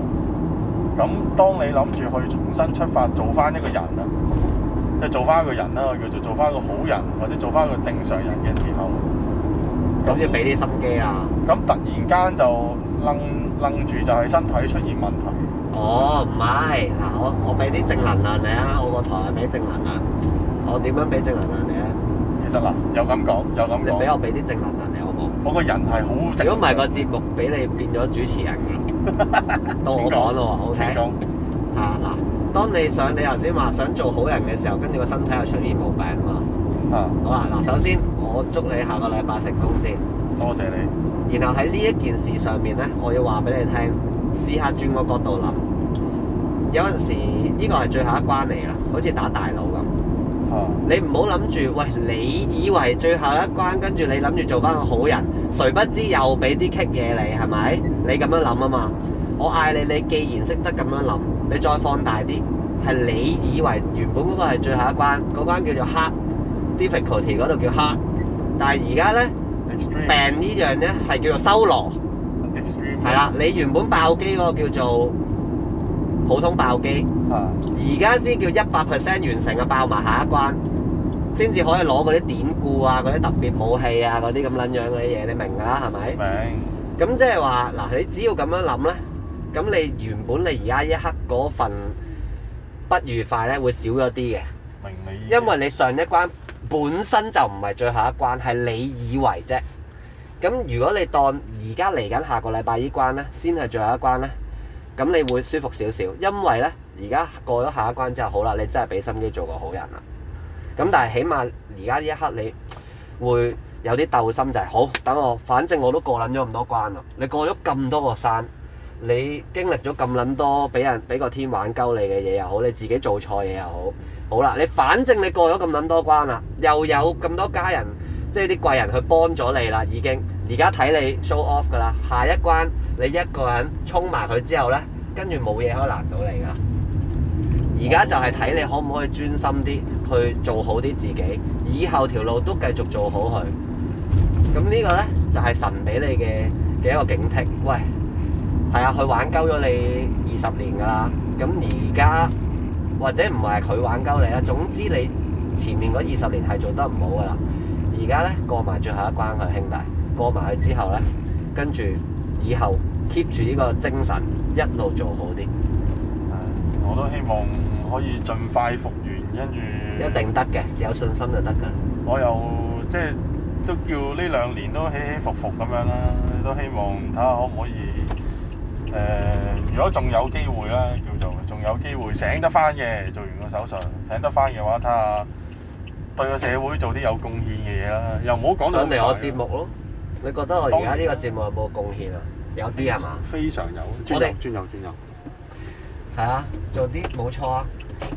咁當你諗住去重新出發做翻一個人啦，即係做翻一個人啦，叫做做翻個好人或者做翻個正常人嘅時候，咁要俾啲心機啊！咁突然間就愣愣住就係身體出現問題。哦，唔係，嗱，我我俾啲正能量你啊，我個台俾正能量。我點樣俾正能量你啊？其實嗱，有咁講，有咁講。你俾我俾啲正能量你好冇？我個人係好。如果唔係個節目俾你變咗主持人。到我講啦，好，聽吓嗱，當你想你頭先話想做好人嘅時候，跟住個身體又出現毛病嘛。嗯、好啦，嗱，首先我祝你下個禮拜成功先。多謝你。然後喺呢一件事上面咧，我要話俾你聽，試下轉個角度諗。有陣時呢個係最後一關嚟啦，好似打大佬咁。嗯、你唔好諗住，喂，你以為最後一關，跟住你諗住做翻個好人，誰不知又俾啲棘嘢你，係咪？你咁樣諗啊嘛，我嗌你，你既然識得咁樣諗，你再放大啲，係你以為原本嗰個係最後一關，嗰關叫做 hard difficulty 嗰度叫 hard。但係而家呢，病呢 Extreme. 樣呢係叫做修羅，係啦 Extreme.，你原本爆機嗰個叫做普通爆機，而家先叫一百 percent 完成嘅爆埋下一關，先至可以攞嗰啲典故啊，嗰啲特別武器啊，嗰啲咁撚樣嗰啲嘢，你明噶啦，係咪？明。咁即係話，嗱，你只要咁樣諗呢，咁你原本你而家一刻嗰份不愉快呢會少咗啲嘅。明你意思。因為你上一關本身就唔係最後一關，係你以為啫。咁如果你當而家嚟緊下個禮拜呢關呢，先係最後一關呢，咁你會舒服少少，因為呢，而家過咗下一關之後，好啦，你真係俾心機做個好人啦。咁但係起碼而家呢一刻你會。有啲鬥心就係、是、好，等我，反正我都過撚咗咁多關啦。你過咗咁多個山，你經歷咗咁撚多俾人俾個天玩鳩你嘅嘢又好，你自己做錯嘢又好，好啦，你反正你過咗咁撚多關啦，又有咁多家人，即係啲貴人去幫咗你啦，已經。而家睇你 show off 噶啦，下一關你一個人衝埋佢之後呢，跟住冇嘢可以攔到你噶啦。而家就係睇你可唔可以專心啲去做好啲自己，以後條路都繼續做好佢。咁呢個咧就係神俾你嘅嘅一個警惕，喂，係啊，佢玩鳩咗你二十年噶啦，咁而家或者唔係佢玩鳩你啦，總之你前面嗰二十年係做得唔好噶啦，而家咧過埋最後一關，佢兄弟，過埋去之後咧，跟住以後 keep 住呢個精神，一路做好啲。係，我都希望可以盡快復原，跟住。一定得嘅，有信心就得噶。我又即係。都叫呢兩年都起起伏伏咁樣啦，都希望睇下可唔可以誒，如果仲有機會啦，叫做仲有機會醒得翻嘅，做完個手術醒得翻嘅話，睇下對個社會做啲有貢獻嘅嘢啦，又唔好講到準備我節目咯。你覺得我而家呢個節目有冇貢獻啊？有啲呀嘛？非常有，轉右轉右轉右。係啊，做啲冇錯啊。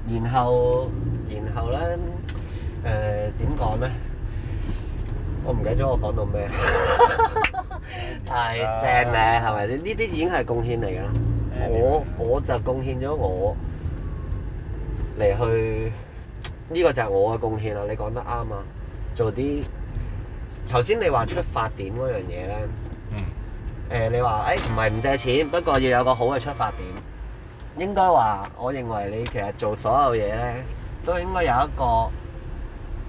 然後，然後咧，誒點講咧？我唔記得咗我講到咩， (laughs) 太正咧，係咪？呢啲已經係貢獻嚟噶啦。我我就貢獻咗我嚟去呢、呢個就係我嘅貢獻啦。你講得啱啊！做啲頭先你話出發點嗰樣嘢咧，誒、呃、你話誒唔係唔借錢，不過要有個好嘅出發點。應該話，我認為你其實做所有嘢咧，都應該有一個。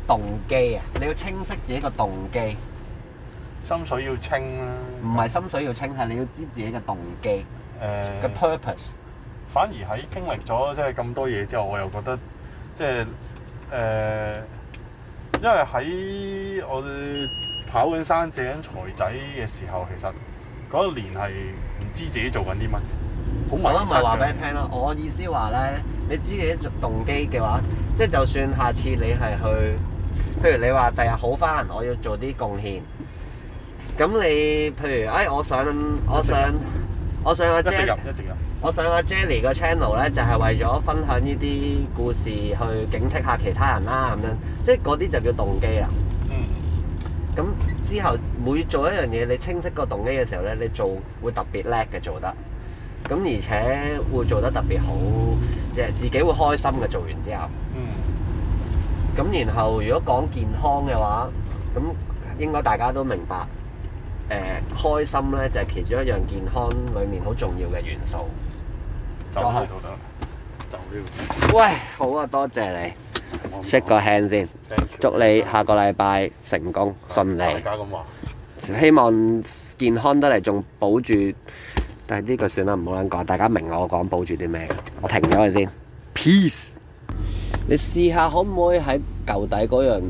動機啊！你要清晰自己個動機，心水要清啦、啊。唔係心水要清，係你要知自己嘅動機。誒、呃，個 purpose。反而喺經歷咗即係咁多嘢之後，我又覺得即係誒、呃，因為喺我哋跑緊山、借緊財仔嘅時候，其實嗰一年係唔知自己做緊啲乜。好、嗯，我咪話俾你聽啦。我意思話咧，你知自己動機嘅話，即係就算下次你係去。譬如你話第日好翻，我要做啲貢獻。咁你譬如誒、哎，我想我想我想阿 Jelly 個 channel 咧，就係、是、為咗分享呢啲故事去警惕下其他人啦，咁樣即係嗰啲就叫動機啦。嗯。咁之後每做一樣嘢，你清晰個動機嘅時候咧，你做會特別叻嘅做得，咁而且會做得特別好，誒自己會開心嘅做完之後。嗯。咁然後，如果講健康嘅話，咁應該大家都明白。誒，開心咧就係其中一樣健康裏面好重要嘅元素。得，得，得。喂，好啊，多謝你。Shake 個 hand 先，祝你下個禮拜成功順利。大家咁話。希望健康得嚟，仲保住。但係呢個算啦，唔好講。大家明我講保住啲咩？我停咗佢先。Peace。你試下可唔可以喺舊底嗰樣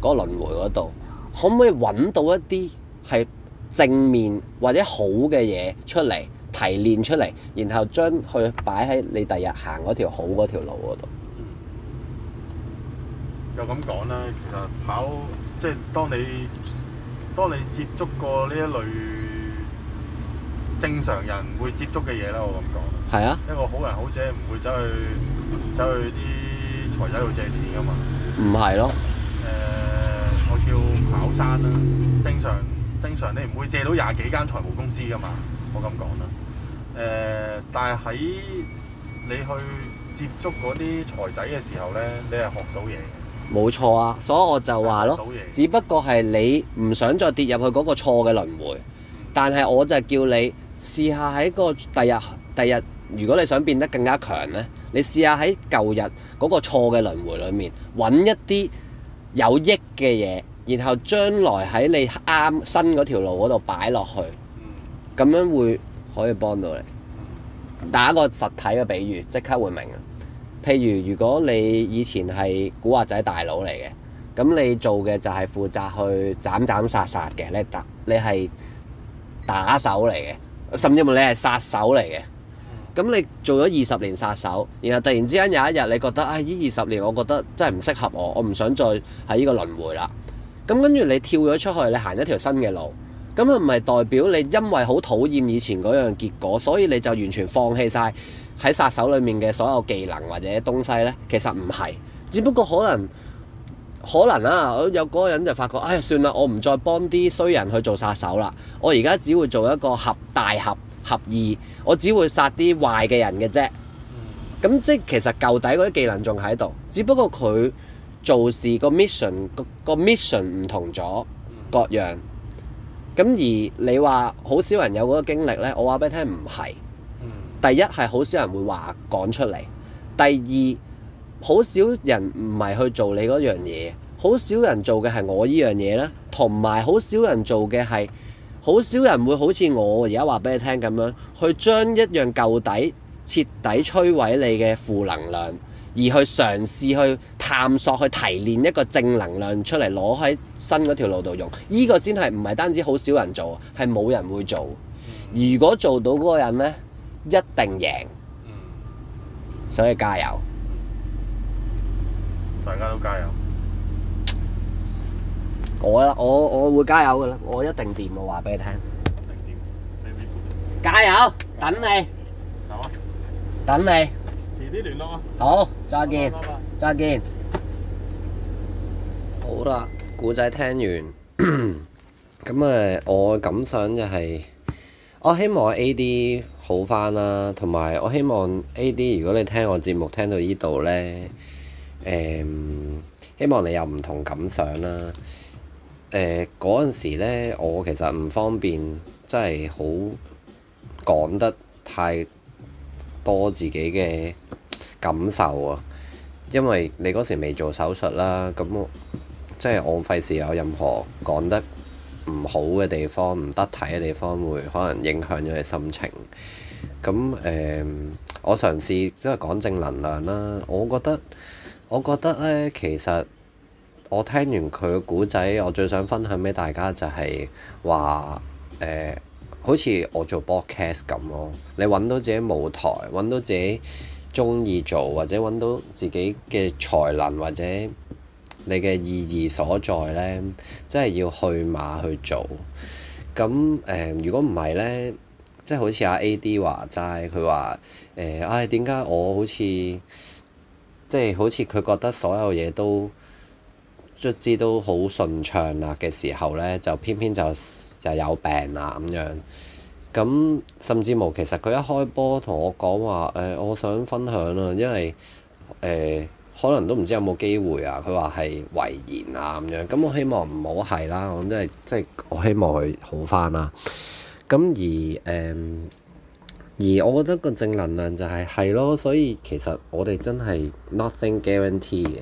嗰個輪迴嗰度，可唔可以揾到一啲係正面或者好嘅嘢出嚟，提煉出嚟，然後將佢擺喺你第日行嗰條好嗰條路嗰度。又咁講啦，其實跑即係當你當你接觸過呢一類正常人會接觸嘅嘢啦，我咁講。係啊。一個好人好者唔會走去走去啲。財仔要借錢噶嘛？唔係咯。誒、呃，我叫跑山啊，正常，正常你唔會借到廿幾間財務公司噶嘛，我咁講啦。誒、呃，但係喺你去接觸嗰啲財仔嘅時候咧，你係學到嘢。冇錯啊，所以我就話咯，不只不過係你唔想再跌入去嗰個錯嘅輪迴，但係我就叫你試下喺個第日，日，第日，日如果你想變得更加強咧。你試下喺舊日嗰個錯嘅輪迴裡面揾一啲有益嘅嘢，然後將來喺你啱新嗰條路嗰度擺落去，咁樣會可以幫到你。打個實體嘅比喻，即刻會明。譬如如果你以前係古惑仔大佬嚟嘅，咁你做嘅就係負責去斬斬殺殺嘅，你打，你係打手嚟嘅，甚至乎你係殺手嚟嘅。咁你做咗二十年殺手，然後突然之間有一日你覺得，唉、哎，呢二十年我覺得真係唔適合我，我唔想再喺呢個輪迴啦。咁跟住你跳咗出去，你行一條新嘅路，咁係唔係代表你因為好討厭以前嗰樣結果，所以你就完全放棄晒喺殺手裡面嘅所有技能或者東西呢？其實唔係，只不過可能可能啊。有嗰個人就發覺，唉、哎，算啦，我唔再幫啲衰人去做殺手啦，我而家只會做一個合大合。合意，我只會殺啲壞嘅人嘅啫。咁即係其實舊底嗰啲技能仲喺度，只不過佢做事、個 mission 個 mission 唔同咗各樣。咁而你話好少人有嗰個經歷呢，我話俾你聽唔係。第一係好少人會話講出嚟，第二好少人唔係去做你嗰樣嘢，好少人做嘅係我依樣嘢啦，同埋好少人做嘅係。好少人會好似我而家話俾你聽咁樣，去將一樣舊底徹底摧毀你嘅負能量，而去嘗試去探索去提煉一個正能量出嚟攞喺新嗰條路度用，呢個先係唔係單止好少人做，係冇人會做。如果做到嗰個人呢，一定贏。所以加油，大家都加油。我啦，我我會加油噶啦，我一定掂，我話俾你聽。一定掂，你咪加油，等你，走啊，等你，遲啲聯絡啊。好，再見，再見。好啦，故仔聽完，咁誒，我感想就係，我希望 A.D 好翻啦，同埋我希望 A.D，如果你聽我節目聽到呢度咧，誒，希望你有唔同感想啦。誒嗰陣時咧，我其實唔方便，真係好講得太多自己嘅感受啊！因為你嗰時未做手術啦、啊，咁即係我費事有任何講得唔好嘅地方、唔得體嘅地方，會可能影響咗你心情。咁誒、呃，我嘗試都係講正能量啦、啊。我覺得，我覺得咧，其實。我聽完佢嘅故仔，我最想分享俾大家就係話誒，好似我做 Podcast 咁咯。你揾到自己舞台，揾到自己中意做，或者揾到自己嘅才能，或者你嘅意義所在呢，即係要去馬去做。咁誒、呃，如果唔係呢，即係好似阿 A.D 話齋，佢話誒，唉、呃，哎、點解我好似即係好似佢覺得所有嘢都？卒之都好順暢啦嘅時候呢，就偏偏就就有病啦咁樣。咁甚至冇，其實佢一開波同我講話，誒、欸，我想分享啊，因為誒、欸，可能都唔知有冇機會啊。佢話係遺言啊咁樣。咁我希望唔好係啦，我真係即係即係我希望佢好翻啦。咁而誒、嗯，而我覺得個正能量就係、是、係咯，所以其實我哋真係 nothing guarantee 嘅。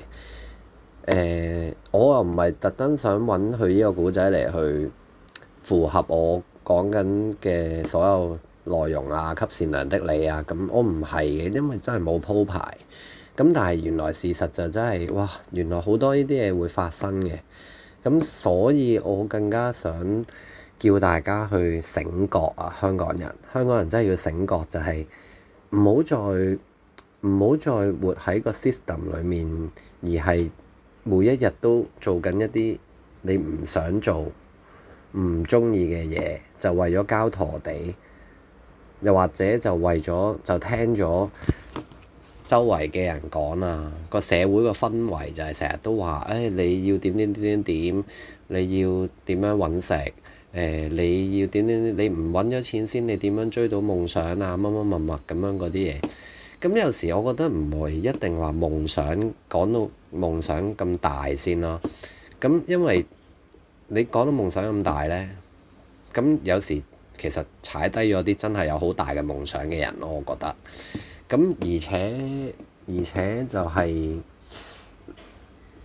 誒，uh, 我又唔係特登想揾佢呢個故仔嚟去符合我講緊嘅所有內容啊，給善良的你啊，咁我唔係嘅，因為真係冇鋪排。咁但係原來事實就真係，哇！原來好多呢啲嘢會發生嘅。咁所以我更加想叫大家去醒覺啊，香港人，香港人真係要醒覺就要，就係唔好再唔好再活喺個 system 裡面，而係。每一日都做緊一啲你唔想做、唔鍾意嘅嘢，就為咗交陀地，又或者就為咗就聽咗周圍嘅人講啊，個社會個氛圍就係成日都話，誒你要點點點點點，你要點樣揾食，誒你要點點點，你唔揾咗錢先，你點樣追到夢想啊？乜乜乜乜咁樣嗰啲嘢。咁有時我覺得唔會一定話夢想講到夢想咁大先囉，咁因為你講到夢想咁大咧，咁有時其實踩低咗啲真係有好大嘅夢想嘅人咯，我覺得。咁而且而且就係、是、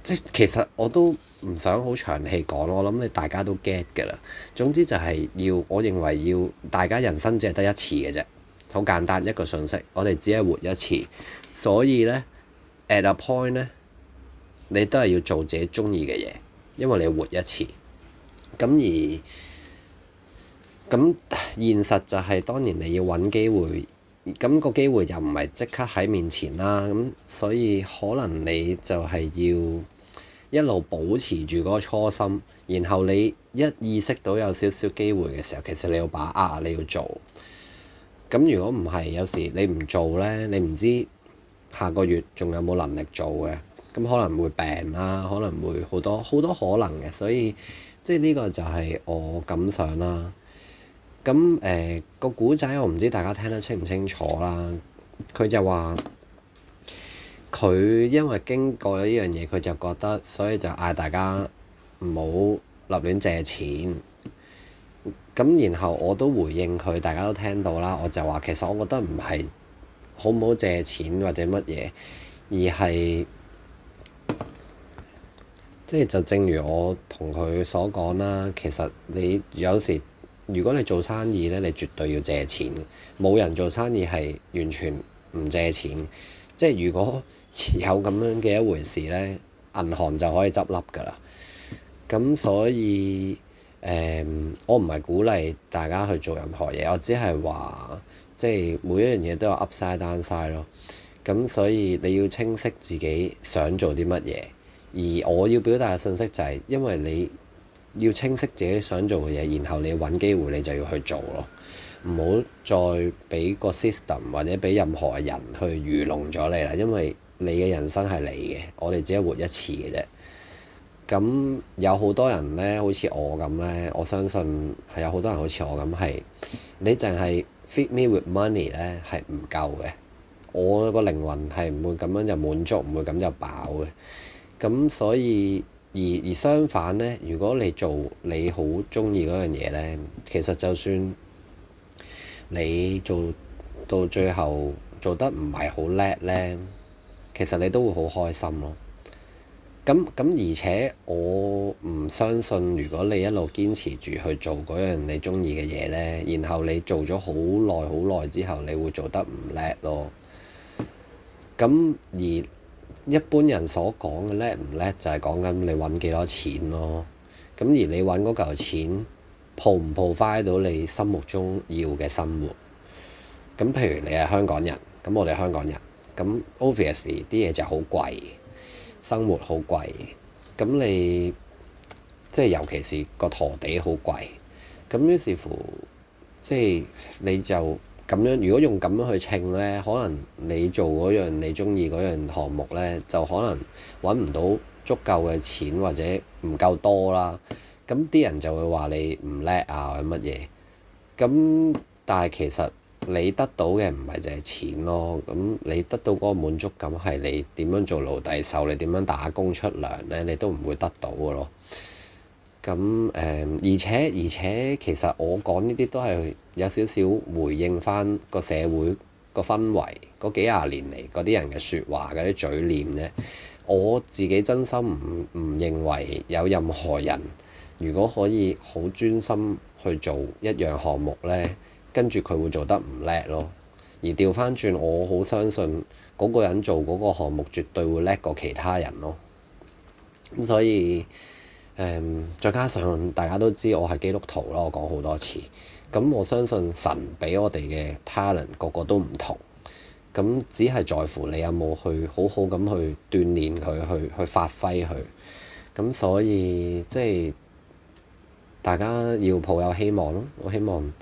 即係其實我都唔想好長氣講，我諗你大家都 get 㗎啦。總之就係要，我認為要大家人生只係得一次嘅啫。好簡單一個信息，我哋只係活一次，所以呢，at a point，呢你都係要做自己中意嘅嘢，因為你活一次。咁而咁現實就係，當然你要揾機會，咁個機會又唔係即刻喺面前啦。咁所以可能你就係要一路保持住嗰個初心，然後你一意識到有少少機會嘅時候，其實你要把握，你要做。咁如果唔係，有時你唔做呢，你唔知下個月仲有冇能力做嘅，咁可能會病啦，可能會好多好多可能嘅，所以即係呢個就係我感想啦。咁誒、呃那個古仔我唔知大家聽得清唔清楚啦。佢就話佢因為經過咗呢樣嘢，佢就覺得，所以就嗌大家唔好立亂借錢。咁然後我都回應佢，大家都聽到啦。我就話其實我覺得唔係好唔好借錢或者乜嘢，而係即係就正如我同佢所講啦。其實你有時如果你做生意呢，你絕對要借錢。冇人做生意係完全唔借錢。即係如果有咁樣嘅一回事呢，銀行就可以執笠㗎啦。咁所以。誒，um, 我唔係鼓勵大家去做任何嘢，我只係話，即係每一樣嘢都有 upside downside 咯。咁所以你要清晰自己想做啲乜嘢，而我要表達嘅信息就係是，因為你要清晰自己想做嘅嘢，然後你揾機會，你就要去做咯。唔好再俾個 system 或者俾任何人去愚弄咗你啦，因為你嘅人生係你嘅，我哋只係活一次嘅啫。咁有好多人咧，好似我咁咧，我相信係有好多人好似我咁係，你淨係 feed me with money 咧係唔夠嘅，我個靈魂係唔會咁樣就滿足，唔會咁就飽嘅。咁所以而而相反咧，如果你做你好鍾意嗰樣嘢咧，其實就算你做到最後做得唔係好叻咧，其實你都會好開心咯。咁咁而且我唔相信，如果你一路堅持住去做嗰樣你中意嘅嘢呢，然後你做咗好耐好耐之後，你會做得唔叻咯。咁而一般人所講嘅叻唔叻，就係講緊你揾幾多錢咯。咁而你揾嗰嚿錢，鋪唔鋪返到你心目中要嘅生活？咁譬如你係香港人，咁我哋香港人，咁 obvious 啲嘢就好貴。生活好貴，咁你即係尤其是個陀地好貴，咁於是乎即係你就咁樣。如果用咁樣去稱呢，可能你做嗰樣你中意嗰樣項目呢，就可能揾唔到足夠嘅錢或者唔夠多啦。咁啲人就會話你唔叻啊，或者乜嘢。咁但係其實。你得到嘅唔係就係錢咯，咁你得到嗰個滿足感係你點樣做奴隸手，你點樣打工出糧咧，你都唔會得到嘅咯。咁而且而且，其實我講呢啲都係有少少回應翻個社會個氛圍嗰幾廿年嚟嗰啲人嘅説話嗰啲嘴臉呢，我自己真心唔唔認為有任何人如果可以好專心去做一樣項目呢。跟住佢會做得唔叻咯，而掉返轉，我好相信嗰個人做嗰個項目絕對會叻過其他人咯。咁、嗯、所以誒、嗯，再加上大家都知我係基督徒咯，我講好多次，咁、嗯、我相信神俾我哋嘅 talent 個個都唔同，咁、嗯、只係在乎你有冇去好好咁去鍛鍊佢，去去發揮佢。咁、嗯、所以即係大家要抱有希望咯，我希望。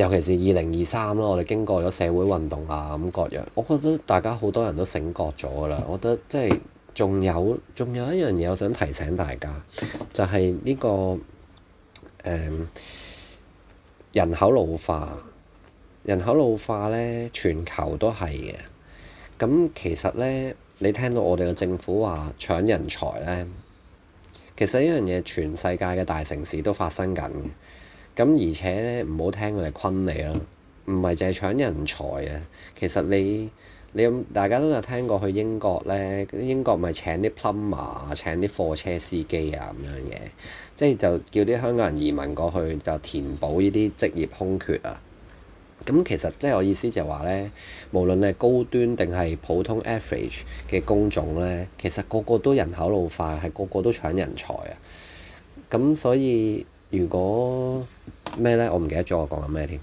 尤其是二零二三咯，我哋經過咗社會運動啊咁各樣，我覺得大家好多人都醒覺咗啦。我覺得即係仲有仲有一樣嘢，我想提醒大家，就係呢個誒人口老化。人口老化咧，全球都係嘅。咁其實咧，你聽到我哋嘅政府話搶人才咧，其實呢樣嘢全世界嘅大城市都發生緊。咁而且咧唔好聽佢哋昆你啦，唔係淨係搶人才啊！其實你你大家都有聽過去英國咧，英國咪請啲 plumber 啊，請啲貨車司機啊咁樣嘅，即係就叫啲香港人移民過去，就填補呢啲職業空缺啊！咁其實即係我意思就係話咧，無論你係高端定係普通 average 嘅工種咧，其實個個都人口老化，係個個都搶人才啊！咁所以。如果咩呢？我唔記得咗我講緊咩添，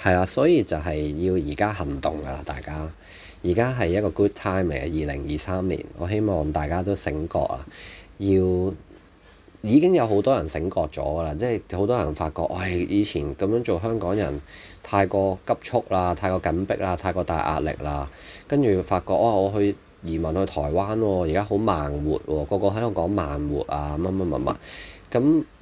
係啦，所以就係要而家行動噶啦，大家而家係一個 good time 嚟嘅二零二三年，我希望大家都醒覺啊，要已經有好多人醒覺咗噶啦，即係好多人發覺，喂、哎，以前咁樣做香港人太過急促啦，太過緊迫啦，太過大壓力啦，跟住發覺哦，我去移民去台灣喎，而家好慢活喎，個個喺度講慢活啊，乜乜乜乜咁。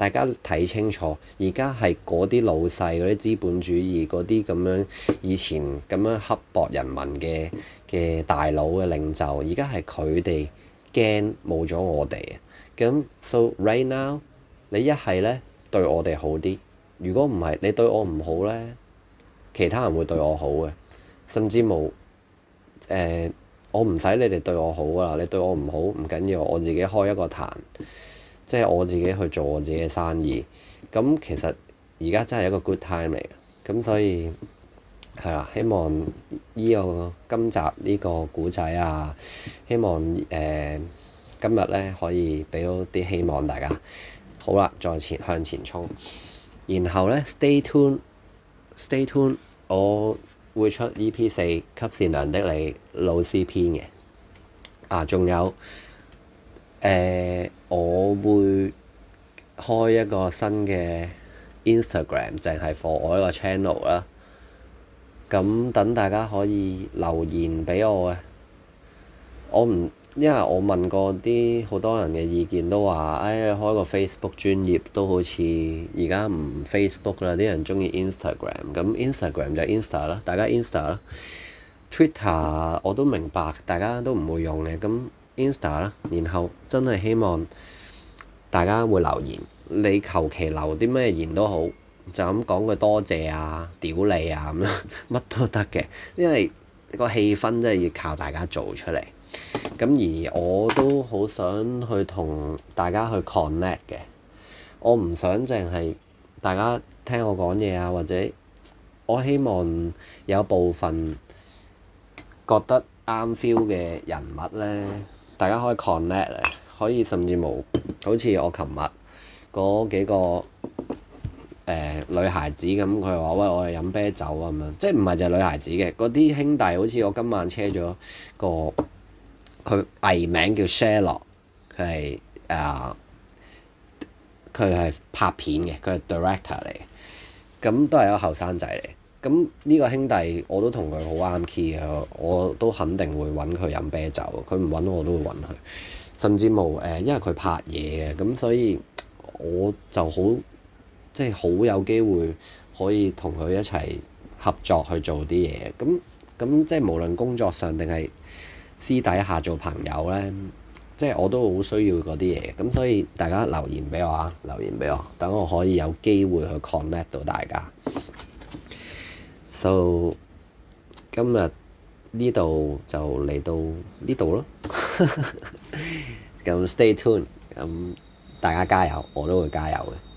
大家睇清楚，而家係嗰啲老細、嗰啲資本主義、嗰啲咁樣以前咁樣刻薄人民嘅嘅大佬嘅領袖，而家係佢哋驚冇咗我哋咁 so right now，你一係呢對我哋好啲，如果唔係你對我唔好呢，其他人會對我好嘅，甚至冇。誒、呃，我唔使你哋對我好噶啦，你對我唔好唔緊要，我自己開一個壇。即係我自己去做我自己嘅生意，咁其實而家真係一個 good time 嚟嘅，咁所以係啦，希望呢、呢個今集呢個故仔啊，希望誒、呃、今日咧可以俾到啲希望大家，好啦，再前向前衝，然後咧 stay tuned，stay tuned，我會出 E.P. 四給善良的你老 c 編嘅，啊，仲有。誒，uh, 我會開一個新嘅 Instagram，淨係 for 我一個 channel 啦。咁、啊啊、等大家可以留言俾我啊。我唔，因為我問過啲好多人嘅意見，都話：哎「誒開個 Facebook 專業都好似而家唔 Facebook 啦，啲人中意 Instagram，啊。咁 Instagram 就 Insta 啦，大家 Insta 啦，啊。Twitter 我都明白，大家都唔會用嘅咁。啊 Insta 啦，Inst a, 然後真係希望大家會留言。你求其留啲咩言都好，就咁講句多謝啊、屌你啊咁樣，乜都得嘅。因為個氣氛真係要靠大家做出嚟。咁而我都好想去同大家去 connect 嘅。我唔想淨係大家聽我講嘢啊，或者我希望有部分覺得啱 feel 嘅人物呢。大家可以 connect 咧，可以甚至冇好似我琴日嗰幾個誒、呃、女孩子咁，佢話：「喂，我係飲啤酒咁樣，即係唔係就係女孩子嘅嗰啲兄弟，好似我今晚車咗個佢藝名叫 Sherlock，佢係誒，佢、呃、係拍片嘅，佢係 director 嚟，咁都係一個後生仔嚟。咁呢個兄弟我都同佢好啱 key 啊！我都肯定會揾佢飲啤酒，佢唔揾我都會揾佢。甚至冇，誒，因為佢拍嘢嘅，咁所以我就好即係好有機會可以同佢一齊合作去做啲嘢。咁咁即係無論工作上定係私底下做朋友呢，即係我都好需要嗰啲嘢。咁所以大家留言俾我啊，留言俾我，等我可以有機會去 connect 到大家。So, 今就今日呢度就嚟到呢度咯，。 (laughs) 咁 stay tuned，咁大家加油，我都會加油嘅。